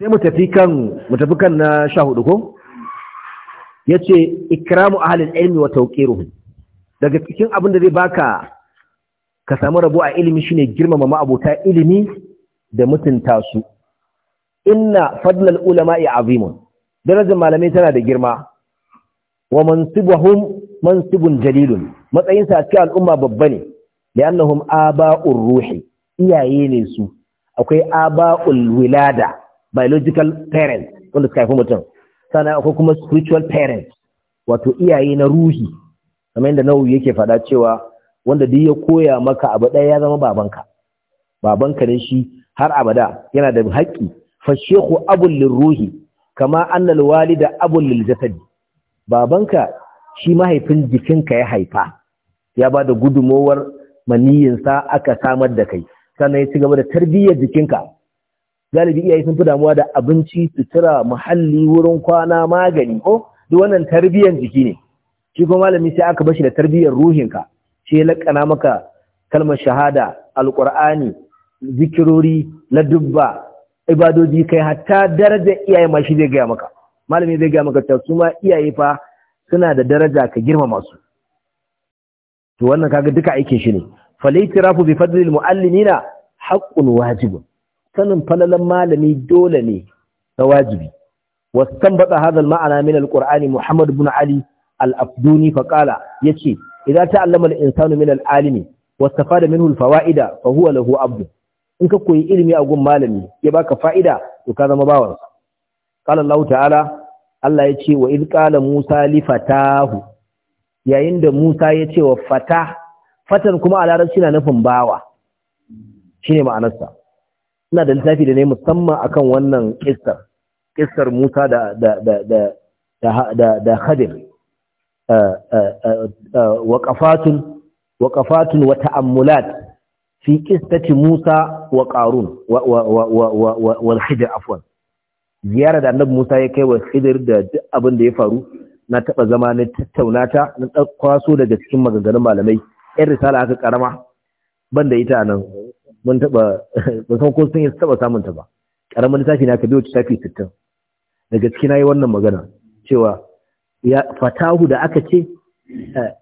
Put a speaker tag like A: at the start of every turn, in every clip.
A: sai mu tafi kan mu tafi kan na 14 ko yace ikramu ahlil ilmi wa tawqiruhum daga cikin abin da zai baka ka samu rabo a ilimi shine girmama ma'abota ilimi da mutunta su inna fadlal ulama'i azimun darajar malamai tana da girma wa mansibuhum mansibun jalilun matsayin sa cikin al'umma babba ne li'annahum aba'ur ruhi iyaye ne su akwai aba'ul wilada biological parents wanda suka haifi mutum sannan akwai kuma spiritual parents wato iyaye na ruhi kamar yadda nawu yake faɗa cewa wanda duk ya koya maka abu ɗaya ya zama babanka babanka ne shi har abada yana da haƙƙi fa shehu abul ruhi kama annal walida abul lil jasadi babanka shi mahaifin jikinka ya haifa ya ba da gudummawar maniyinsa aka samar da kai sannan ya ci gaba da tarbiyyar jikinka galibi iyaye sun fi damuwa da abinci sutura muhalli wurin kwana magani ko duk wannan tarbiyyar jiki ne shi kuma malami sai aka bashi da tarbiyyar ruhinka shi ya lakana maka kalmar shahada alqur'ani zikirori dubba, ibadoji kai hatta daraja iyaye ma shi zai gaya maka malami zai gaya maka su ma iyaye fa suna da daraja ka girmama su to wannan kaga duka aikin shi ne falaitirafu bi fadlil muallimina haqqun wajibun sanin falalan malami dole ne na wajibi. Wastan baɗa hadal ma'ana min al-Qur'ani Muhammad ibn Ali al-Abduni faƙala ya ce, Idan ta allama da insanu min al-alimi, wasta fada min hulfa wa'ida huwa lahu abdu. In ka koyi ilimi a gun malami, ya baka fa'ida, to ka zama bawansa. Ƙala Allah ta'ala, Allah ya ce wa idh ƙala Musa li fatahu. Yayin da Musa ya ce wa fata, fatan kuma a larabci na nufin bawa. shine ma'anarsa. ina da littafi da ne musamman akan wannan kistar kistar Musa da da da da da da Khadir eh, eh, eh, waqafatun waqafatun wa ta'ammulat fi qissati Musa wa Qarun wa wa ziyara da Annabi Musa ya kai wa Khidir da abin da ya faru na taba zama na tattaunata na kwaso daga cikin maganganun malamai yan risala aka karama banda ita nan mun taba ban san ko sun yi taba samun ta ba karamin littafi na ka biyo shafi 60 daga cikin yi wannan magana cewa ya fatahu da aka ce eh,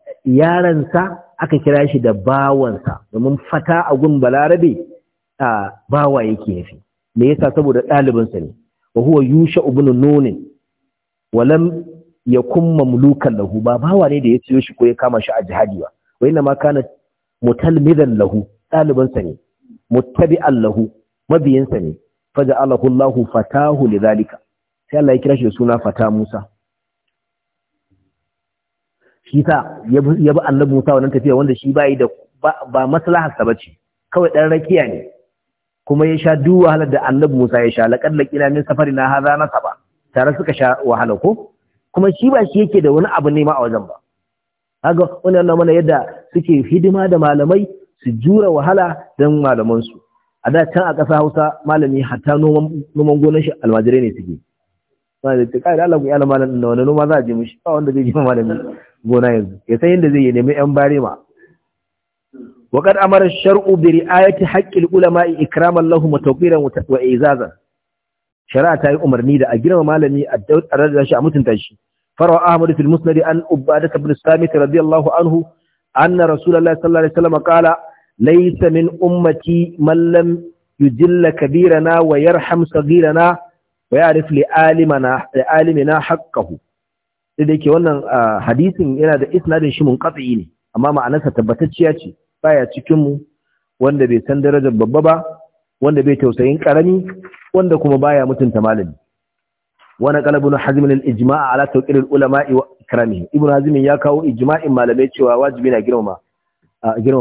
A: sa aka kira shi da bawansa domin fata a gun balarabe a bawa yake nufi me yasa saboda ɗalibinsa ne wa huwa yusha ibn nunin walam yakun mamlukan lahu ba bawa ne da ya siyo shi ko ya kama shi a jihadi ba wa inna ma kana mutalmidan lahu Ɗalibansa ne muttabi'an allahu mabiyinsa ne faja Allahu fatahu zalika sai Allah ya kira shi suna fata Musa shi ta ya bi annabi Musa wannan tafiya wanda shi bai da ba maslahar sa bace kawai dan rakiya ne kuma ya sha duk wahalar da annabi Musa ya sha laqad laqina min safarina hadha nasaba tare suka sha wahala ko kuma shi ba shi yake da wani abu ne ma a wajen ba kaga wannan mana yadda suke hidima da malamai su jura wahala don malamansu a da can a ƙasa hausa malami hatta noman gonar shi almajirai ne suke ba da ta ƙa'ida Allah ku yana malamin da wani noma za a je mishi ba wanda zai je malami gona yanzu ya san yadda zai yi nemi yan barema wa qad amara shar'u bi ri'ayati haqqil ulama'i ikraman lahum wa tawqiran wa izazan shari'a ta yi umarni da a girma malami a darajar shi a mutunta shi farawa ahmadu fil musnad an ubadah ibn samit radiyallahu anhu anna rasulallah sallallahu alaihi wasallam qala laysa min ummati man lam yujilla kabirana wa yarham saghirana wa ya'rif li alimana li alimina haqqahu sai yake wannan hadisin yana da isnadin shi munqati ne amma ma'anarsa tabbatacciya ce baya cikin mu wanda bai san darajar babba ba wanda bai tausayin karami wanda kuma baya mutunta malami wani kalabin hazimin ijma'a ala tauƙirin ulama wa ikrami ibn hazimin ya kawo ijima'in malamai cewa wajibi na girma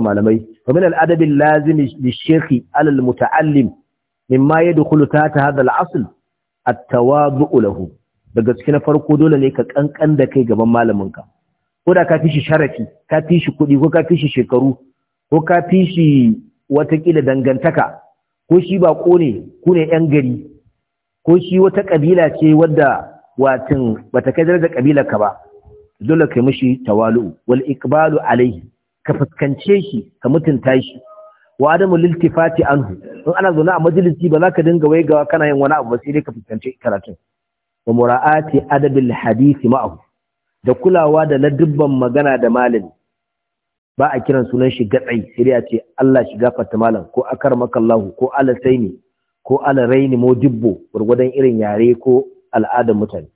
A: malamai wa min lazimi li shekhi alal muta'allim yadda yadkhulu ta hada al-asl at-tawadu'u daga cikin farko dole ne ka kankan da kai gaban malamin ka ko da ka fi shi sharafi ka fi shi kuɗi ko ka fi shi shekaru ko ka fi shi watakila dangantaka ko shi ba ne ku ne yan gari ko shi wata kabila ce wadda watin bata kai da kabilar ka ba dole kai mishi tawalu wal iqbalu alayhi ka fuskance shi ka mutunta shi wa adamu liltifati anhu in ana zaune a majalisi ba za ka dinga waigawa kana yin wani abu sai dai ka fuskance karatun wa mura'ati adabil hadisi ma'ahu da kulawa da ladubban magana da malami ba a kiran sunan shi gatsai sai dai a ce Allah shi gafarta malam ko akarmakallahu ko alasaini ko alaraini mo dibbo gwargwadon irin yare ko al'adar mutane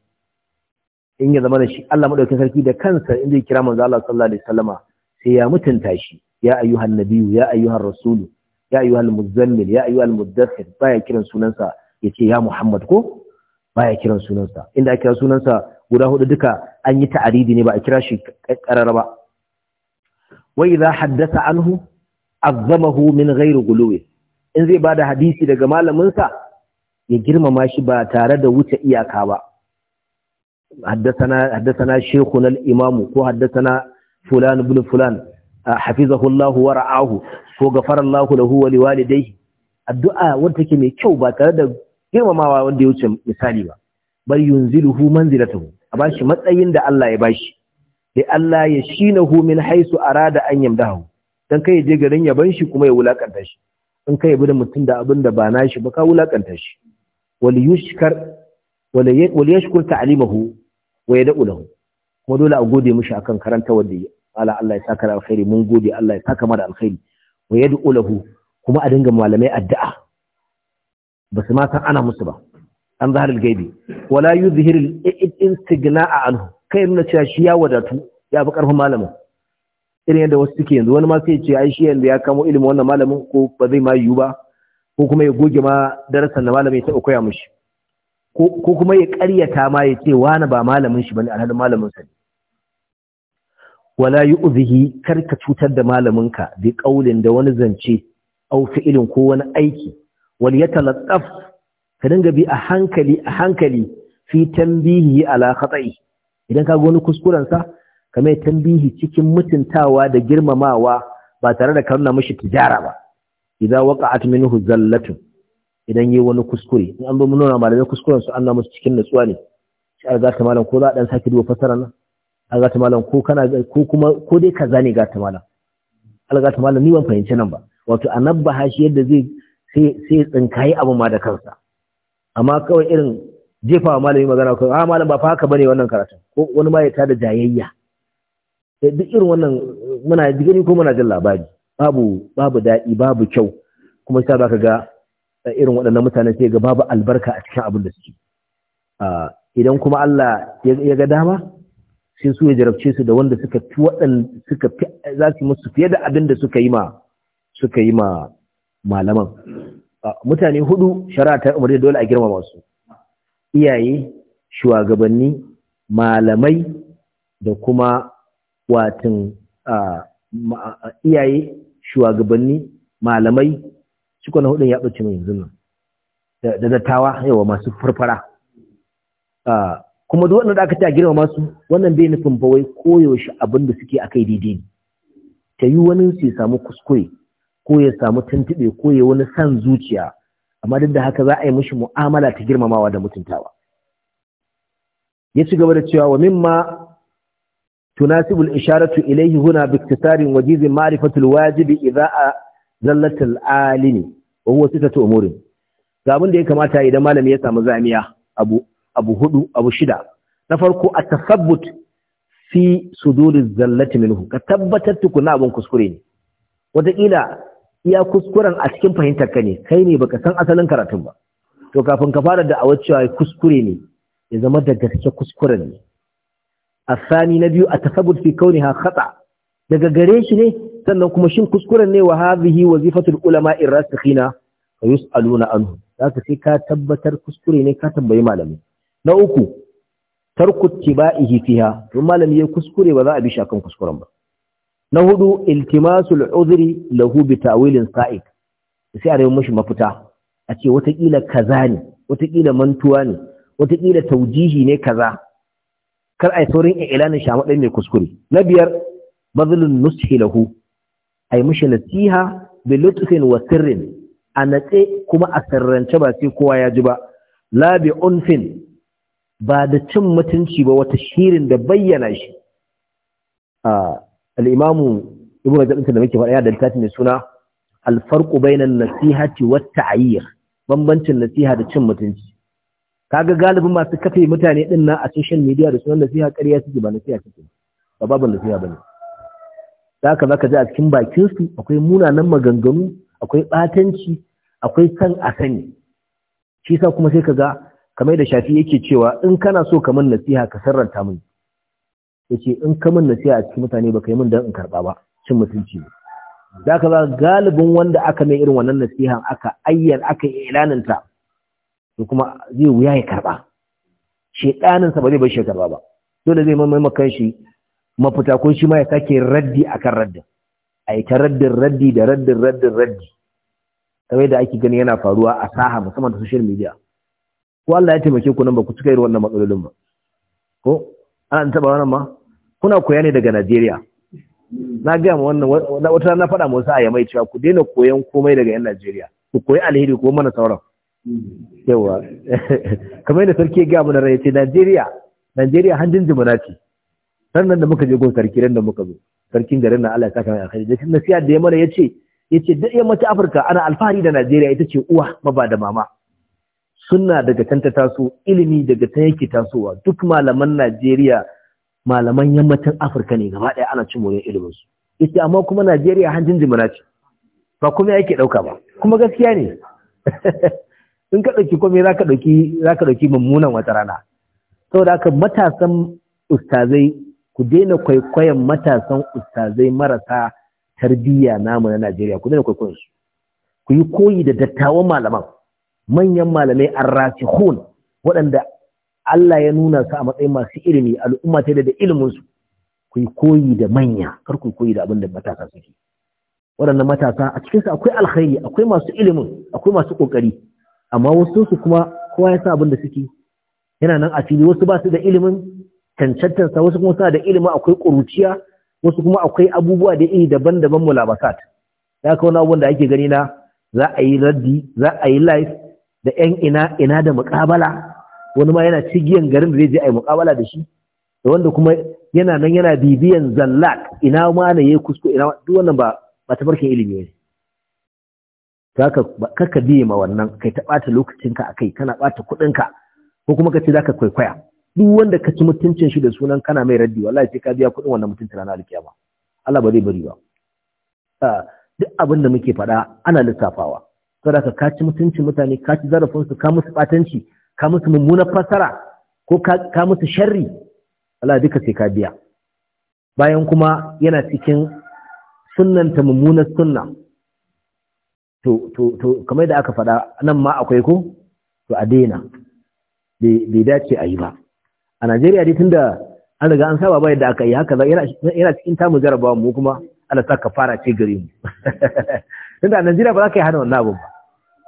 A: in ya zama da shi Allah madaukakin sarki da kansa in zai kira manzo Allah sallallahu alaihi wasallama sai ya mutunta shi ya ayyuhan nabiyyu ya ayyuhan rasulu ya ayyuhan muzammil ya ayyuhan muddathir baya kiran sunansa yace ya Muhammad ko baya kiran sunansa inda aka kira sunansa guda hudu duka an yi ta'aridi ne ba a kira shi karara ba wa idha haddatha anhu azzamahu min ghairi guluwi in zai bada hadisi daga malaminsa ya girmama shi ba tare da wuce iyaka ba حدثنا حدثنا شيخنا الامام fulan حدثنا فلان بن فلان حفظه الله ورعاه كو غفر lahu wa liwalidayhi addu'a wanda take mai kyau ba tare da girmamawa wanda ya wuce misali ba bal yunziluhu manzilatahu a bashi matsayin da Allah ya bashi da Allah ya shinahu min haisu arada an yamdahu dan kai je garin ya ban shi kuma ya wulakanta shi in ka yabi da mutum da abin da ba shi ba ka wulakanta shi wal yushkar wal yashkur ta'limahu wa yad'u lahu kuma dole a gode mishi akan karanta wanda ya ala Allah ya saka da alkhairi mun gode Allah ya saka mana alkhairi wa yad'u lahu kuma a dinga malamai addu'a ba su ma san ana musu ba an zaharil gaibi wala yuzhirul istigna'a anhu kai nuna cewa shi ya wadatu ya bi karfin malamin irin yadda wasu suke yanzu wani ma sai ce ai shi yanzu ya kamo ilimin wannan malamin ko ba zai ma yiwu ba ko kuma ya goge ma darasan da malamin ya taɓa koya mishi ko kuma ya ƙaryata ma ya ce wani ba malamin shi bane alhalin malamin sa ne wala yu'zihi kar ka cutar da malamin ka bi qaulin da wani zance au fi'ilin ko wani aiki wal yatalattaf ka dinga bi a hankali a hankali fi tanbihi ala khata'i idan ka ga wani kuskuren sa ka mai tambihi cikin mutuntawa da girmamawa ba tare da karna mashi tijara ba idza waqa'at minhu zallatun idan yi wani kuskure in an zo mun nuna malamai kuskuren su an na musu cikin natsuwa ne shi a gata malam ko za a dan saki duba fasara nan a gata malam ko kana ko kuma ko dai kaza ne ta malam al gata malam ni ban fahimci nan ba wato anabba shi yadda zai sai sai tsinkayi abu ma da kansa amma kawai irin jefa malami magana ko a ah, malam ba fa haka bane wannan karatun ko wani ma ya tada jayayya Eh, duk irin wannan eh, muna gani ko muna jin labari babu babu daɗi babu kyau kuma eh, sai ka ga irin waɗannan mutane sai ga babu albarka a cikin abin da suke ah, idan kuma Allah ya ga dama sai su ya jarabce su da wanda suka fi waɗan suka za su musu fiye da abin da suka yi ma suka yi ma malaman ah, mutane hudu shari'a ta umarni dole a girmama su iyaye shugabanni malamai da kuma watan iyaye shugabanni malamai cikon na hudun ya ɓace mai yanzu nan da dattawa yawa masu farfara kuma duk da aka ta girma masu wannan bai nufin ba wai koyaushe abin da suke akai daidai ne ta yi wani su samu kuskure ko ya samu tuntuɓe ko ya wani san zuciya amma duk da haka za a yi mishi mu'amala ta girmamawa da mutuntawa ya ci gaba da cewa wa mimma تناسب الإشارة إليه هنا باكتسار وجيز معرفة الواجب إذا زلة العالم وهو ستة أمور قابل دي كما تايدا ما لم يسام زعمية أبو, أبو هدو أبو شدا نفرق التثبت في صدور الزلة منه كتبتت كنا أبو كسكرين وتقيل iya kuskuren a cikin fahimtar ka ne kai ne baka san asalin karatun ba to kafin ka fara da awar cewa kuskure ne ya zama da gaske kuskuren ne الثاني biyu a في كونها خطأ daga gare shi ne sannan kuma shin kuskuren ne wa hadhihi wazifatul ulama irrasikhina wa yusaluna anhu zaka sai ka tabbatar kuskure ne ka tambayi malami na uku tarku tibaihi fiha to malami ya kuskure ba za a bi shakan kuskuren ba na hudu iltimasul udhri lahu bi ta'wilin sa'id sai a rayu mashi mafita a ce watakila kaza ne watakila mantuwa ne wataƙila taujihi ne kaza kar ai saurin ilanin shamadai mai kuskure na biyar bazlun nushi lahu ai mishi nasiha bi lutfin wa sirrin a natse kuma a sirrance ba sai kowa ya ji ba la bi unfin ba da cin mutunci ba wata shirin da bayyana shi al-imamu ibnu rajab da muke faɗa da littafi mai suna al-farqu bainan nasihati wat ta'yir bambancin nasiha da cin mutunci kaga galibin masu kafe mutane din nan a social media da sunan nasiha ƙarya suke ba nasiha suke ba babu nasiha bane zaka zaka ji a cikin bakin su akwai munanan maganganu akwai batanci akwai san a sani shi sa kuma sai kaga kamar da shafi yake cewa in kana so kamar nasiha ka sarranta min yace in kamar nasiha a cikin mutane ba kai min dan in karba ba cin mutunci ne zaka ga galibin wanda aka mai irin wannan nasiha aka ayyan aka ilaninta? to kuma zai wuya ya karba shaiɗaninsa ba zai bar shi karba ba dole zai mamaye makan shi mafita ko shi ma ya sake raddi akan raddin a yi ta raddin raddi da raddin raddin raddi kamar da ake gani yana faruwa a saha musamman da social media ko Allah ya taimake ku nan ba ku cika irin wannan matsalolin ba ko ana taba wannan ma kuna koya ne daga Najeriya na ga mu wannan wata na faɗa mu wasu a yamai cewa ku daina koyan komai daga yan Najeriya ku koyi alheri ko mana sauran yawa kamar yadda sarki ya gaya mana rai ce Najeriya Najeriya hanjin jimuna ce sannan da muka je gun sarki ran da muka zo sarkin garin na Allah ya saka mai alkhairi da nasiha da ya mana yace yace duk yammacin Afirka ana alfahari da Najeriya ita ce uwa maba da mama sunna daga can ta taso ilimi daga can yake tasowa duk malaman Najeriya malaman yammacin Afirka ne gaba ɗaya ana cin wurin ilimin su yace amma kuma Najeriya hanjin jimuna ce ba kuma yake dauka ba kuma gaskiya ne in ka ɗauki komai za ka ɗauki mummunan wata rana saboda haka matasan ustazai ku daina kwaikwayon matasan ustazai marasa tarbiyya namu na Najeriya ku daina kwaikwayon su ku yi koyi da dattawan malaman manyan malamai arrasihun waɗanda Allah ya nuna su a matsayin masu ilimi al'umma ta da ilimin su ku yi koyi da manya kar ku koyi da abin da matasa suke waɗannan matasa a cikinsu akwai alkhairi akwai masu ilimin akwai masu ƙoƙari amma wasu su kuma kowa ya sa abin da suke yana nan a fili wasu ba su da ilimin cancantansa wasu kuma suna da ilimi akwai kuruciya wasu kuma akwai abubuwa da iri daban-daban mulabasat da aka wani abubuwan da ake gani na za a yi raddi za a yi live da yan ina ina da muƙabala wani ma yana cigiyan garin da zai je a yi muƙabala da shi da wanda kuma yana nan yana bibiyan zallak ina ma ne kusko ina duk wannan ba ba tabarkin ilimi ne Ka ka biye ma wannan kai ta bata lokacinka akai kana bata kuɗinka ko kuma ka za zaka kwaikwaya duk wanda ka ci mutuncin shi da sunan kana mai raddi wallahi sai ka biya kuɗin wannan mutuncin ranar alkiyama Allah ba zai bari ba ah, duk abin da muke faɗa ana lissafawa saboda ka ci mutuncin mutane ka ci zarafin su ka musu batanci ka musu mummunar fasara ko ka musu sharri Allah duka sai ka biya bayan kuma yana cikin sunnanta mummunar sunna to to kamar da aka fada nan ma akwai ko to a daina bai dace a yi ba a Najeriya dai tunda an riga an saba ba yadda aka yi haka yana cikin tamu jarabawa mu kuma Allah ta ka fara ce gare mu tunda a Najeriya ba za ka yi hana wannan abin ba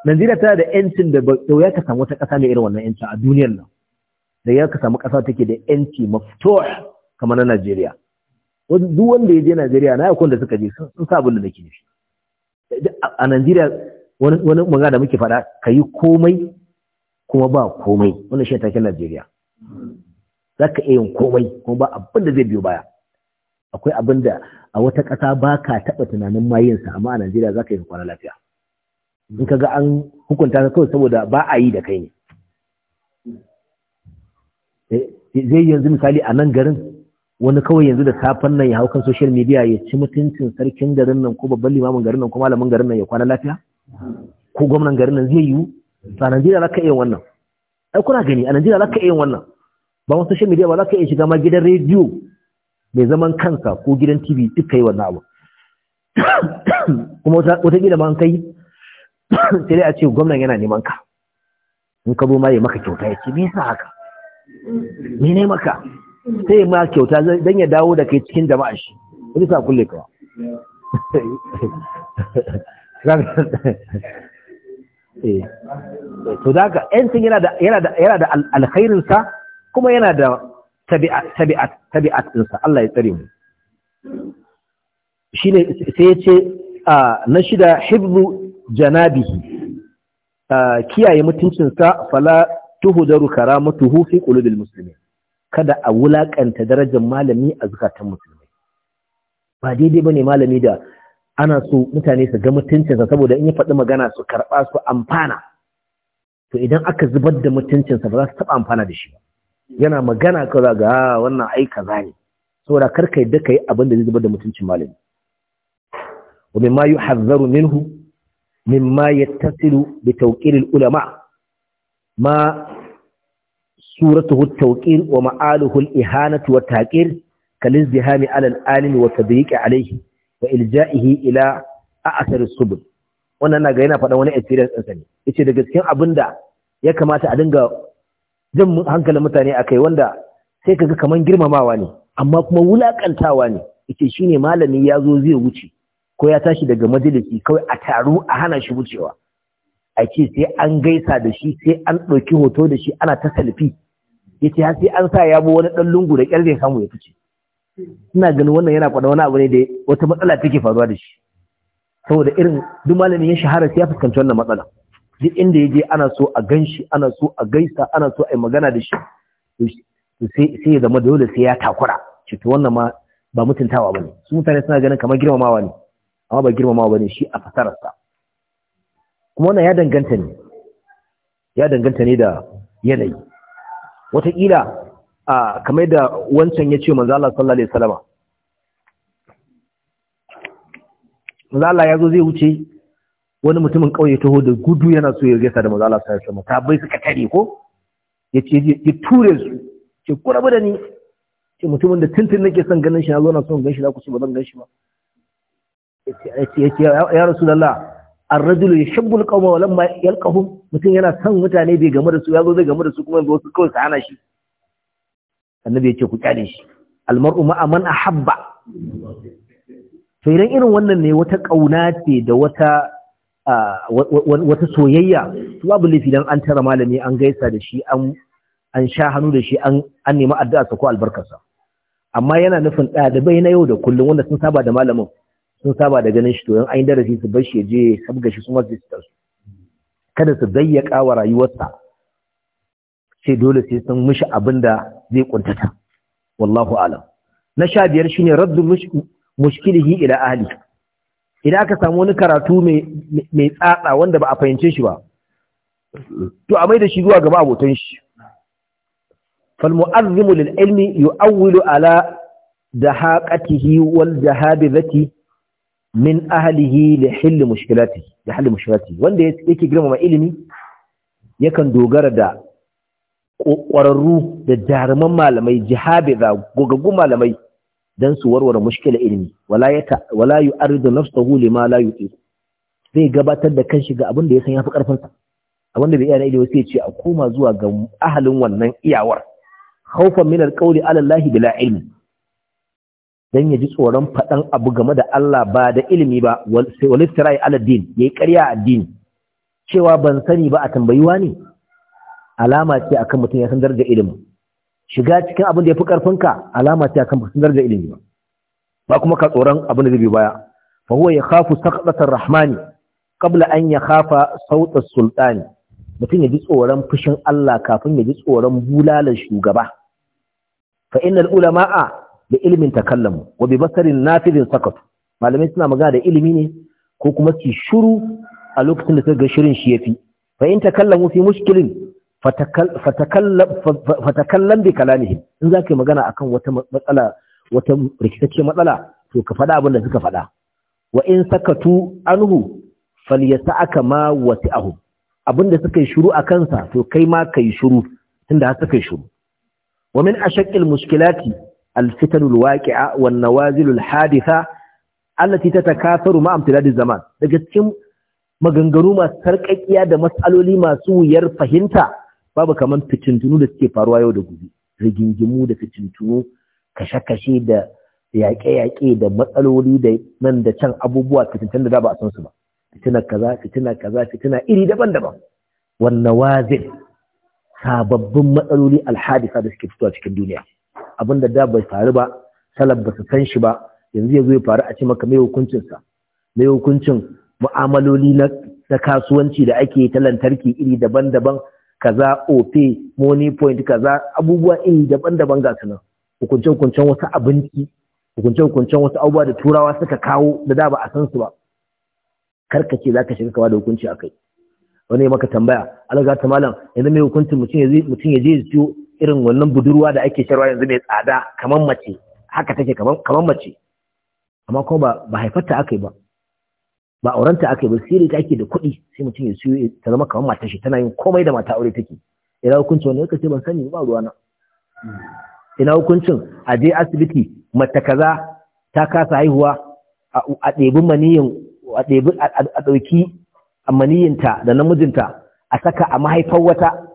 A: Najeriya tana da yancin da ba ya ka samu wata kasa mai irin wannan yancin a duniyar nan da ya ka samu kasa take da yanci maftuh kamar na Najeriya duk wanda ya je Najeriya na yakun da suka je sun sa abin da nake nufi a Najeriya wani maga da muke faɗa yi komai kuma ba komai wani shi taken Najeriya za ka iya yin komai kuma ba abinda zai biyo baya akwai abinda a wata ƙasa ba ka taɓa tunanin mayinsa amma a Najeriya za ka yi kwana lafiya in ka ga an hukunta ka kawai saboda ba a yi da kai ne eh, zai yanzu misali a nan garin wani kawai yanzu da safen nan ya hau kan social media ya ci mutuncin sarkin garin nan ko babban limamin garin nan ko malamin garin nan ya kwana lafiya ko gwamnan garin nan zai yiwu a Najeriya za ka iya wannan ai kuna gani a Najeriya za ka iya wannan ba wani social media ba za ka iya shiga ma gidan rediyo mai zaman kansa ko gidan TV duk kai wannan abu kuma wata gida ma kai sai dai a ce gwamnan yana neman ka in ka zo ma ya maka kyauta ya ce me yasa haka me ne maka sai ma kyauta don ya dawo da kai cikin jama'a shi wani sa kulle kawa eh. to da ka yancin yana da alkhairinsa kuma yana da tabi'atinsa Allah ya tsari mu shi ne sai ya ce na shida hibru janabihi kiyaye mutuncinsa fala tuhu tuhudaru mutuhu fi qulubil musulmi. kada a wulakanta darajar malami a zukatan musulmi. ba daidai ba ne malami da ana so mutane su ga mutuncinsa saboda in ya faɗi magana su karɓa su amfana to idan aka zubar da mutuncinsa ba za su taɓa amfana da shi ba yana magana kaza ga ah, wannan ai kaza ne saboda kai da kai abin da zai zubar da mutuncin malami wa mimma yuhazzaru minhu mimma yattasilu bi tawqir al ulama ma suratuhu tawqir wa ma'aluhu al-ihanatu wa taqir kalizdihami ala al-alim wa tadyiqi alayhi wa ilja'ihi ila a'thar as-subul wannan na ga yana faɗa wani experience ɗinsa ne yace daga cikin abinda ya kamata a dinga jin hankalin mutane akai wanda sai kaga kaman girmamawa ne amma kuma wulakantawa ne yace shine malami ya zo zai wuce ko ya tashi daga majalisi kawai a taru a hana shi wucewa a ce sai an gaisa da shi sai an ɗauki hoto da shi ana ta salfi yace har sai an sa ya bo wani ɗan lungu da kyar samu ya fice ina ganin wannan yana kwada wani abu ne da wata matsala take faruwa da shi saboda irin duk malamin ya shahara sai ya fuskanci wannan matsala duk inda ya je ana so a ganshi ana so a gaisa ana so a yi magana da shi sai ya zama dole sai ya takura ce to wannan ma ba mutuntawa ba ne. su mutane suna ganin kamar girmamawa ne amma ba girmamawa ba ne shi a fasararsa kuma wannan ya danganta ne ya danganta ne da yanayi watakila a kamar da wancan ya ce manzo Allah sallallahu alaihi wasallam manzo Allah ya zo zai wuce wani mutumin kauye taho da gudu yana so ya gaisa da manzo sallallahu alaihi wasallam ta bai suka tare ko yace ya ture su ce ku rabu da ni ce mutumin da tuntun nake son ganin shi na zo na son ganin shi za ku ce ba zan ganin shi ba ya ce ya rasu lalla ar ya yuhibbu al-qawma wa lamma yalqahum mutum yana son mutane bai gamu da su yazo zai gamu da su kuma yanzu wasu kawai su hana shi annabi ya ce ku kyale shi al-mar'u man ahabba to idan irin wannan ne wata kauna ce da wata wata soyayya to babu laifi dan an tara malami an gaisa da shi an an sha hannu da shi an an nemi addu'a ko albarkarsa amma yana nufin ɗalibai na yau da kullum wanda sun saba da malamin sun saba da ganin shi to yan ayin darasi su bar shi je sabga shi kuma su su kada su zayyaka wa rayuwarsa sai dole sai sun mishi abin da zai kuntata wallahu alam na sha biyar shine raddu mushkilihi ila ahli idan aka samu wani karatu mai mai tsatsa wanda ba a fahimce shi ba to a mai da shi zuwa gaba abotan shi فالمؤذم ala dahaqatihi wal دهاقته والذهابذة min ahlihi li hill mushkilati da hal mushkilati wanda yake girmama ilimi yakan dogara da ƙwararru da jaruman malamai jihabi da gogaggun malamai don su warware mushkila ilimi wala ya wala yu'aridu hule ma la yuti zai gabatar da kanshi ga abin da ya san yafi abin da bai iya na ilimi sai ya ce a koma zuwa ga ahalin wannan iyawar khawfan min alqawli alallahi allahi bila ilmi dan ya ji tsoron faɗan abu game da Allah ba da ilimi ba walistirai aladdin ya yi ƙarya addini cewa ban sani ba a tambayuwa ne alama ce akan mutum ya san darajar ilimi shiga cikin abin da ya fi ƙarfinka alama ce akan mutum darajar ilimi ba ba kuma ka tsoron abin da zai baya fa huwa yakhafu saqatar rahmani qabla an ya sawt as-sultani mutum ya ji tsoron fushin Allah kafin ya ji tsoron bulalar shugaba fa innal ulama'a da ilimin takallamu wa bi basarin nafizin sakatu malamai suna magana da ilimi ne ko kuma su shuru a lokacin da suka ga shirin shi yafi fa in takallamu fi mushkilin fatakallam bi kalamihim in za ka yi magana akan wata matsala wata rikitacce matsala to ka faɗa abin da suka faɗa wa in sakatu anhu falyasa'aka ma wasi'ahu abinda suka yi shiru a kansa to kai ma ka yi shiru tunda har suka yi shiru wa a ashaqqil mushkilati الفتن الواقعة والنوازل الحادثة التي تتكاثر مع امتداد الزمان daga cikin maganganu masu sarƙaƙiya da matsaloli masu wuyar fahimta babu kamar fitintunu da suke faruwa yau da gobe rigingimu da fitintunu kashe-kashe da yaƙe-yaƙe da matsaloli da nan da can abubuwa fitintun da ba a san su ba fitina kaza fitina kaza fitina iri daban-daban wannan wazin sababbin matsaloli alhadisa da suke fitowa cikin duniya Abin da da bai faru ba salaf ba su san shi ba yanzu ya zo ya faru a ce maka mai hukuncinsa mai hukuncin mu'amaloli na kasuwanci da ake ta lantarki iri daban-daban kaza ope money point kaza abubuwa iri daban-daban ga su nan hukunce-hukuncen wasu abinci hukunce-hukuncen wasu abubuwa da turawa suka kawo da da ba a san su ba karkace za ka shiga kawa da hukunci a kai wani maka tambaya alaga ta malam yanzu mai hukuncin mutum ya je ya ciwo. irin wannan budurwa da ake sharwa yanzu mai tsada kamar mace haka take kamar mace amma kuma ba ba haifarta aka yi ba ba aurenta aka yi ba sai ta ake da kuɗi sai mutum ya suyo ta zama kamar matar shi tana yin komai da mata aure take ina hukuncin wani yake ce ban sani ba ruwa na ina hukuncin a je asibiti mata kaza ta kasa haihuwa a ɗebi maniyin a ɗauki maniyinta da namijinta a saka a mahaifar wata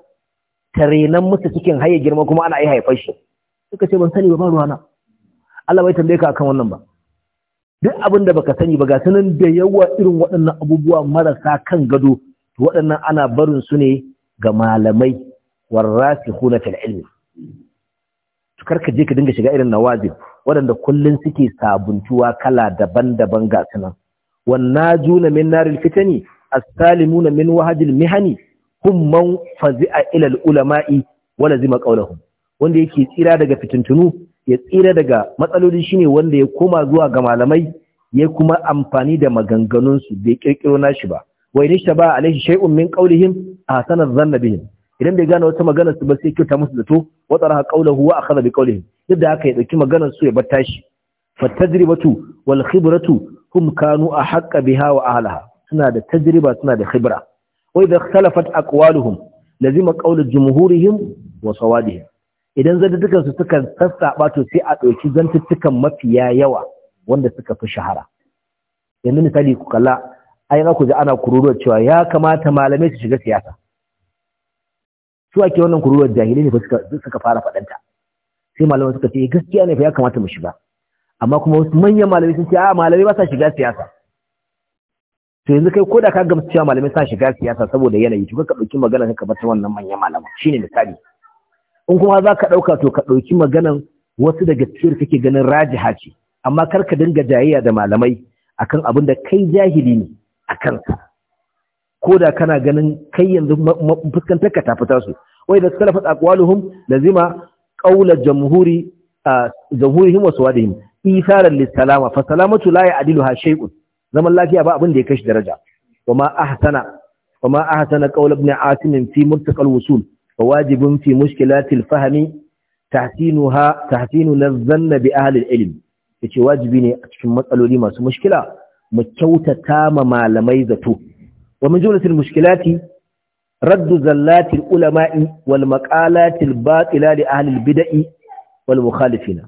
A: tarenan musu cikin haye girma kuma ana yi haifar shi suka ce ban sani ba ba na. Allah bai tambaye ka akan wannan ba duk abin da baka sani ba ga sanan da yawa irin waɗannan abubuwa marasa kan gado waɗannan ana barin su ne ga malamai huna fil ilmi kar ka je ka dinga shiga irin nawazib waɗanda kullun suke sabuntuwa kala daban-daban ga Wannan juna min narin fitani as-salimuna min wahajil mihani hum man fazi'a ilal ulama'i wa zima qawluhum wanda yake tsira daga fitintunu ya tsira daga matsaloli shine wanda ya koma zuwa ga malamai ya kuma amfani da maganganun su bai kirkiro nashi ba wa in shaba alaihi shay'un min qawlihim ahsana dhanna bihim idan bai gane wata magana su ba sai kyauta musu zato wa tsaraha qawluhu wa akhadha bi qawlihim duk da haka ya dauki maganar su ya bar tashi fatajribatu wal khibratu hum kanu ahqqa biha wa ahliha suna da tajriba suna da khibra wa idza ikhtalafat aqwaluhum lazima qawlu jumhurihim wa sawadihim idan zantukan su suka sassaba to sai a dauki zantuttukan mafiya yawa wanda suka fi shahara yanzu misali ku kalla ai ku ji ana kururuwar cewa ya kamata malamai su shiga siyasa su ake wannan kururuwar jahilai ne suka fara faɗanta sai malamai suka ce eh, gaskiya ne fa ya kamata mu shiga amma kuma wasu manyan malamai sun ce a ah, malamai ba sa shiga siyasa to yanzu kai koda ka gamsu cewa malamai sa shiga siyasa saboda yanayi to ka dauki magana ka bar ta wannan manyan malaman shine misali in kuma za ka dauka to ka dauki magana wasu daga cikin kake ganin rajiha ce amma kar ka dinga jayayya da malamai akan abin da kai jahili ne a kansa ko kana ganin kai yanzu fuskantar ka ta fita su wai da salafat aqwaluhum lazima qawla jamhuri jamhurihim wa suwadihim isaran lis salama fa salamatu la ya'diluha shay'un zaman lafiya ba abin da ya kashi daraja Kuma ahsana wama ahsana qawl ibn asim fi murtaqa al-wusul wajibun fi mushkilat al-fahmi tahsinuha tahsinu nazanna bi ahli al yace wajibi ne a cikin matsaloli masu mushkila mu kyautata ma malamai zato wa min jumlatil mushkilati raddu zallati al-ulama'i wal maqalati al li ahli al-bid'i wal mukhalifina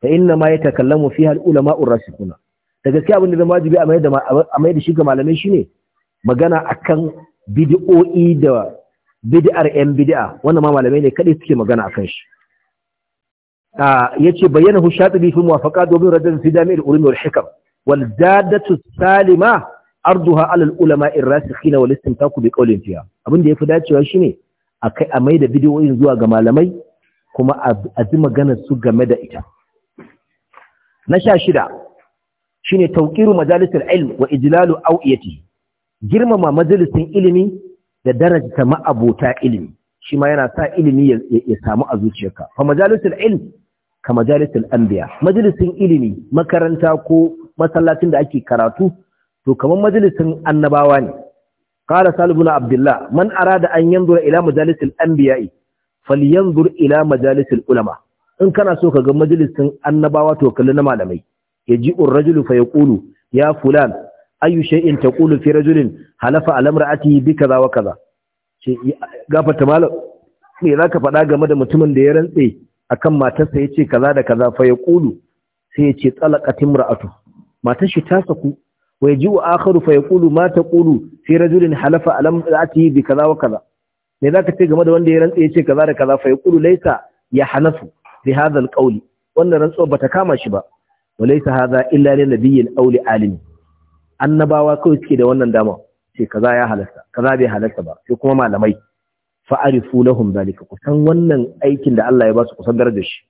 A: fa inna ma yatakallamu fiha al-ulama'u ar-rasikuna da gaskiya abin da zama wajibi a mai da shi ga malamai shine magana akan bid'o'i da bid'ar yan bid'a wannan ma malamai ne kadai suke magana akan shi yace bayyana hu shatibi fi muwafaqat domin bin radad fi jami' al-ulum wal hikam wal dadatu salima arduha ala al-ulama ar-rasikhina wal istimtaku bi qawlin fiha abin da fi dacewa shine akai a mai da bidiyoyin zuwa ga malamai kuma a ji magana su game da ita na sha shida shine tawqiru majalisul ilm wa ijlalu awiyati girmama majalisin ilimi da darajta ma'abota ilimi shi ma yana sa ilimi ya samu a zuciyarka fa majalisul ilm ka majalisul anbiya majalisin ilimi makaranta ko masallacin da ake karatu to kamar majalisin annabawa ne qala salibun abdullah man arada an yanzura ila majalisil anbiya'i falyanzur ila majalisil ulama in kana so ka ga majalisin annabawa to kalli na malamai yaji'u ar-rajulu fa yaqulu ya fulan ayu shay'in taqulu fi rajulin halafa ala imra'atihi bi kaza wa kaza ce gafarta malam me zaka faɗa game da mutumin da ya rantse akan matarsa yace kaza da kaza fa yaqulu sai yace talaqat imra'atu matar shi ta saku wa yaji'u akharu fa yaqulu ma taqulu fi rajulin halafa ala imra'atihi bi kaza wa kaza me zaka ce game da wanda ya rantse yace kaza da kaza fa yaqulu laysa ya hanafu bi hadha al-qawli wannan rantsuwa bata kama shi ba walaysa hadha illa lil nabiyyin aw li alim annabawa kawai suke da wannan dama sai kaza ya halasta kaza bai halarta ba sai kuma malamai fa'arifu lahum zalika kusan wannan aikin da Allah ya basu kusan darajar shi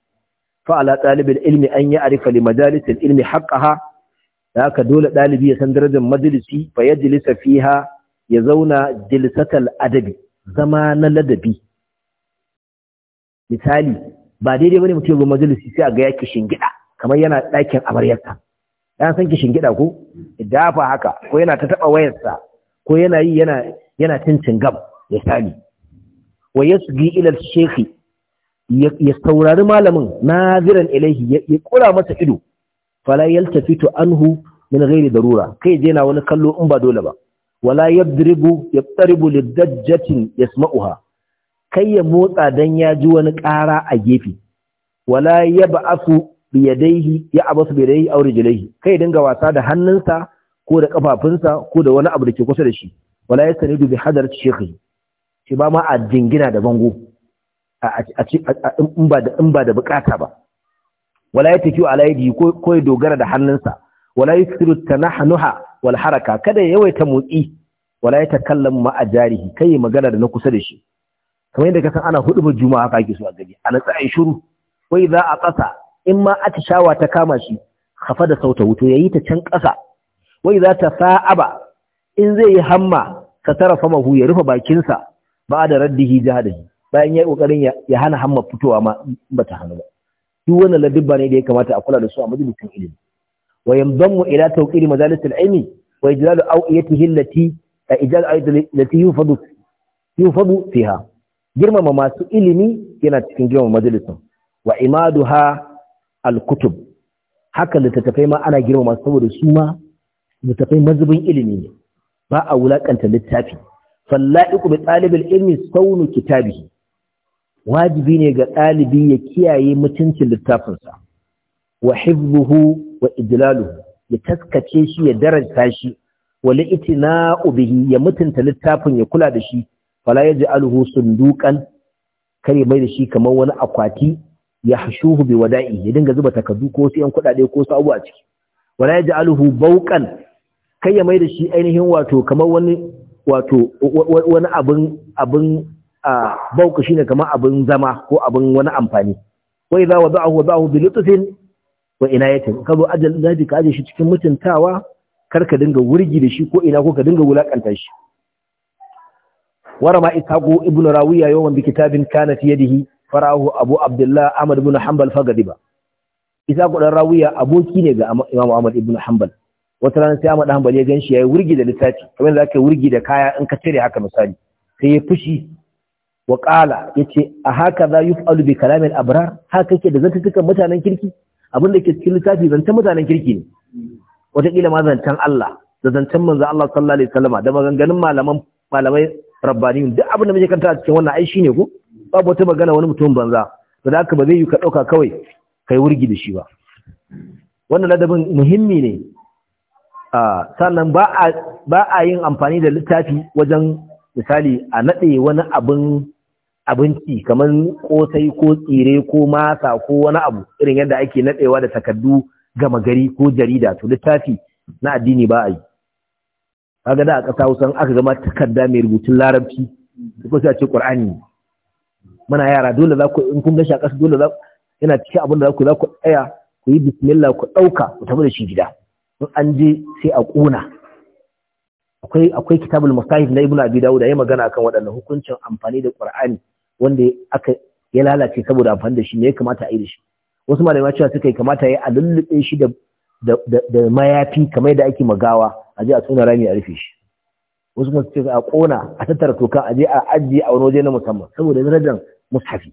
A: fa'ala ɗalibin ilmi an yi arifa li majalisar ilmi haƙaha da aka dole ɗalibi ya san darajar majalisi fa ya jilisa fiha ya zauna jilisatal adabi zama na ladabi misali ba daidai bane mutum ga majalisi sai a gaya kishin gida. kamar yana ɗakin amaryarsa ya san kishin gida ko dafa haka ko yana ta taɓa wayarsa ko yana yi yana yana cincin gab ya sani wa ya sugi ila shekhi ya saurari malamin naziran ilaihi ya kura masa ido fala yaltafitu anhu min da darura kai je na wani kallo in ba dole ba wala yadribu yaqtaribu lidajjatin yasma'uha kai ya motsa dan ya ji wani ƙara a gefe wala ya yab'asu biyadaihi ya su biyadaihi aw rijlaihi kai dinga wasa da hannunsa ko da kafafunsa ko da wani abu da ke kusa da shi wala yastanidu bi hadar shekhi shi ba ma a jingina da bango in ba in ba da bukata ba wala tafi wa yadi ko ya dogara da hannunsa wala na tanahnuha wal haraka kada ya yawaita motsi wala yatakallamu ma a jarihi kai magana da na kusa da shi kamar yadda ka san ana hudu juma'a kake so a gari a na tsaye shiru wai za a ƙasa in ma atishawa ta kama shi khafa da sauta wuto yayi ta can ƙasa wai za ta sa'aba in zai yi hamma ka fama hu, ya rufe bakinsa ba da raddihi jihadihi bayan yayi kokarin ya hana hamma fitowa ma ba ta hanu ba duk wannan ladibba ne da ya kamata a kula da su a majalisin ilimi wa yamdamu ila tawqiri majalisil ilmi wa ijlalu awiyatihi allati ijal allati yufadu yufadu fiha girmama masu ilimi yana cikin girmama majalisin wa imaduha al-kutub haka littattafai ma ana girmama saboda su ma littattafai mazubin ilimi ne ba a wulakanta littafi falla'iku bi talibul ilmi saunu kitabihi wajibi ne ga ɗalibi ya kiyaye mutuncin littafinsa wa hifzuhu wa idlaluhu ya taskace shi ya daranta shi wa li'tina'u bihi ya mutunta littafin ya kula da shi fala yaj'aluhu sunduqan kare mai da shi kamar wani akwati ya hashuhu bi wada'i ya dinga zuba takardu ko su yan kuɗaɗe ko su a ciki wala ya ja'aluhu bauqan kai ya mai da shi ainihin wato kamar wani wato wani abin abin bauka shine kamar abin zama ko abin wani amfani wa idza wada'ahu wada'ahu bi lutfin wa inayatin ka zo ajal zabi ka aje shi cikin mutuntawa kar ka dinga wurgi da shi ko ina ko ka dinga wulakanta shi warama isaku ibnu rawiya yawan bi kitabin kana fi yadihi farahu abu abdullah ahmad ibn hanbal fagadiba isa ku dan rawiya aboki ne ga imam ahmad ibn hanbal wata rana sai ahmad hanbal ya ganshi yayi wurgi da littafi kamar zaka wurgi da kaya in ka cire haka misali sai ya fushi wa qala yace a haka za yuf'alu bi kalamil abrar haka yake da zantukan mutanen kirki abin da ke cikin littafi zantan mutanen kirki ne wataƙila ma zantan Allah da zantan manzo Allah sallallahu alaihi wasallama da maganganun malaman malamai rabbaniyun duk abin da muke kanta a cikin wannan ai shine ko babu wata magana wani mutum banza to da haka ba zai yi ka ɗauka kawai kai wurgi da shi ba wannan ladabin muhimmi ne sannan ba a yin amfani da littafi wajen misali a naɗe wani abin abinci kamar kosai ko tsire ko masa ko wani abu irin yadda ake naɗewa da takardu gama gari ko jarida to littafi na addini ba a yi kaga da a ƙasa Hausa aka gama takarda mai rubutun larabci ko sai a ce Qur'ani muna yara dole za ku in kun gashi a ƙasa dole za ku yana cikin abin da za ku za ku tsaya ku yi bismillah ku ɗauka ku tafi da shi gida in an je sai a ƙona akwai akwai kitabul mustahif na ibnu abi dawud yayi magana akan waɗannan hukuncin amfani da qur'ani wanda aka ya lalace saboda amfani da shi ne ya kamata a yi da shi wasu malamai cewa suka yi kamata ya a lullube shi da da mayafi kamar da ake magawa a je a tsuna rami a rufe shi wasu kuma su a ƙona a tattara toka a je a ajiye a wani waje na musamman saboda darajar mushafi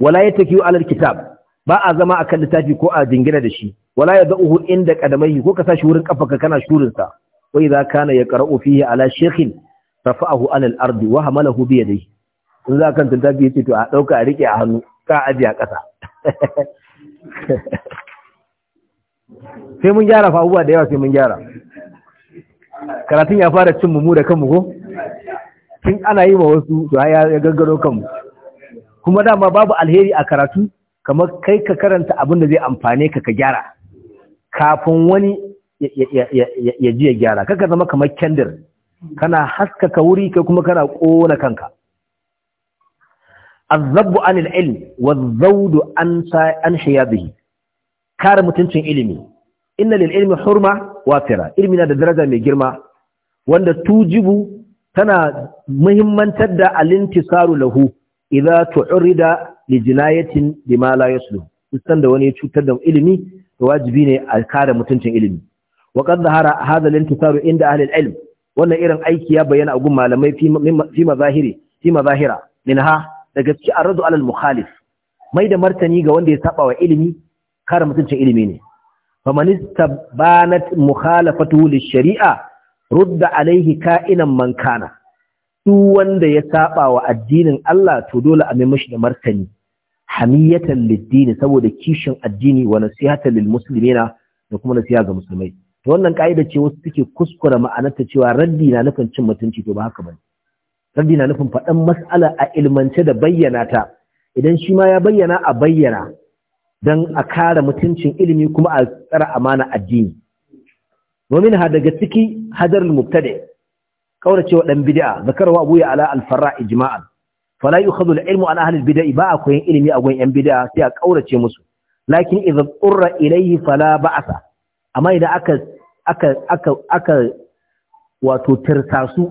A: wala ya tafi alal kitab ba a zama akan littafi ko a jingina da shi wala ya da'uhu inda kadamai ko ka shi wurin kafaka kana shurin sa wa idza kana yaqra'u fihi ala shaykhin rafa'ahu alal ardi wa hamalahu bi yadihi in za kan littafi yace to a dauka a rike a hannu ka aje a kasa sai mun gyara fa abubuwa da yawa sai mun gyara karatun ya fara cin mu da kanmu ko tun ana yi wa wasu to ya gaggaro kanmu kuma dama babu alheri a karatu kamar kai ka karanta abin da zai amfane ka ka gyara kafin wani ya ji ya gyara kaka zama kamar kendir kana haskaka wuri kai kuma kana ƙona kanka azzabu anil ilm wazzawdu an sa an hiyabihi kare mutuncin ilimi inna lil ilmi hurma wafira ilimi na da daraja mai girma wanda tujibu tana muhimmantar da alintisaru lahu idza tu'rida li jinayatin bima la yaslu istan da wani ya cutar da ilimi to wajibi ne a kare mutuncin ilimi wa qad zahara hadha al inda ahli ilm wannan irin aiki ya bayyana a gun malamai fi mazahiri fi mazahira minha daga cikin arradu alal mukhalif mai da martani ga wanda ya saba wa ilimi kare mutuncin ilimi ne faman istabanat mukhalafatuhu lishari'a rudda alaihi ka'inan man kana duk wanda ya saba wa addinin Allah to dole a mai mashi da martani hamiyatan lid saboda kishin addini wa nasihatan lil muslimina da kuma nasiha ga musulmai to wannan kaida ce wasu suke kuskura ma'anarta cewa raddi na nufin cin mutunci to ba haka bane raddi na nufin faɗan mas'ala a ilmance da bayyana ta idan shi ma ya bayyana a bayyana don a kare mutuncin ilimi kuma a tsara amana addini domin ha daga ciki Hadar mubtada wa dan bid'a zakarwa abu ya ala al-farra ijma'an fala yukhadhu al-ilmu an ahli al-bid'a ba akwai ilimi a gun yan bid'a sai a kaurace musu lakin idza urra ilayhi fala ba'sa amma idan aka wato tirsasu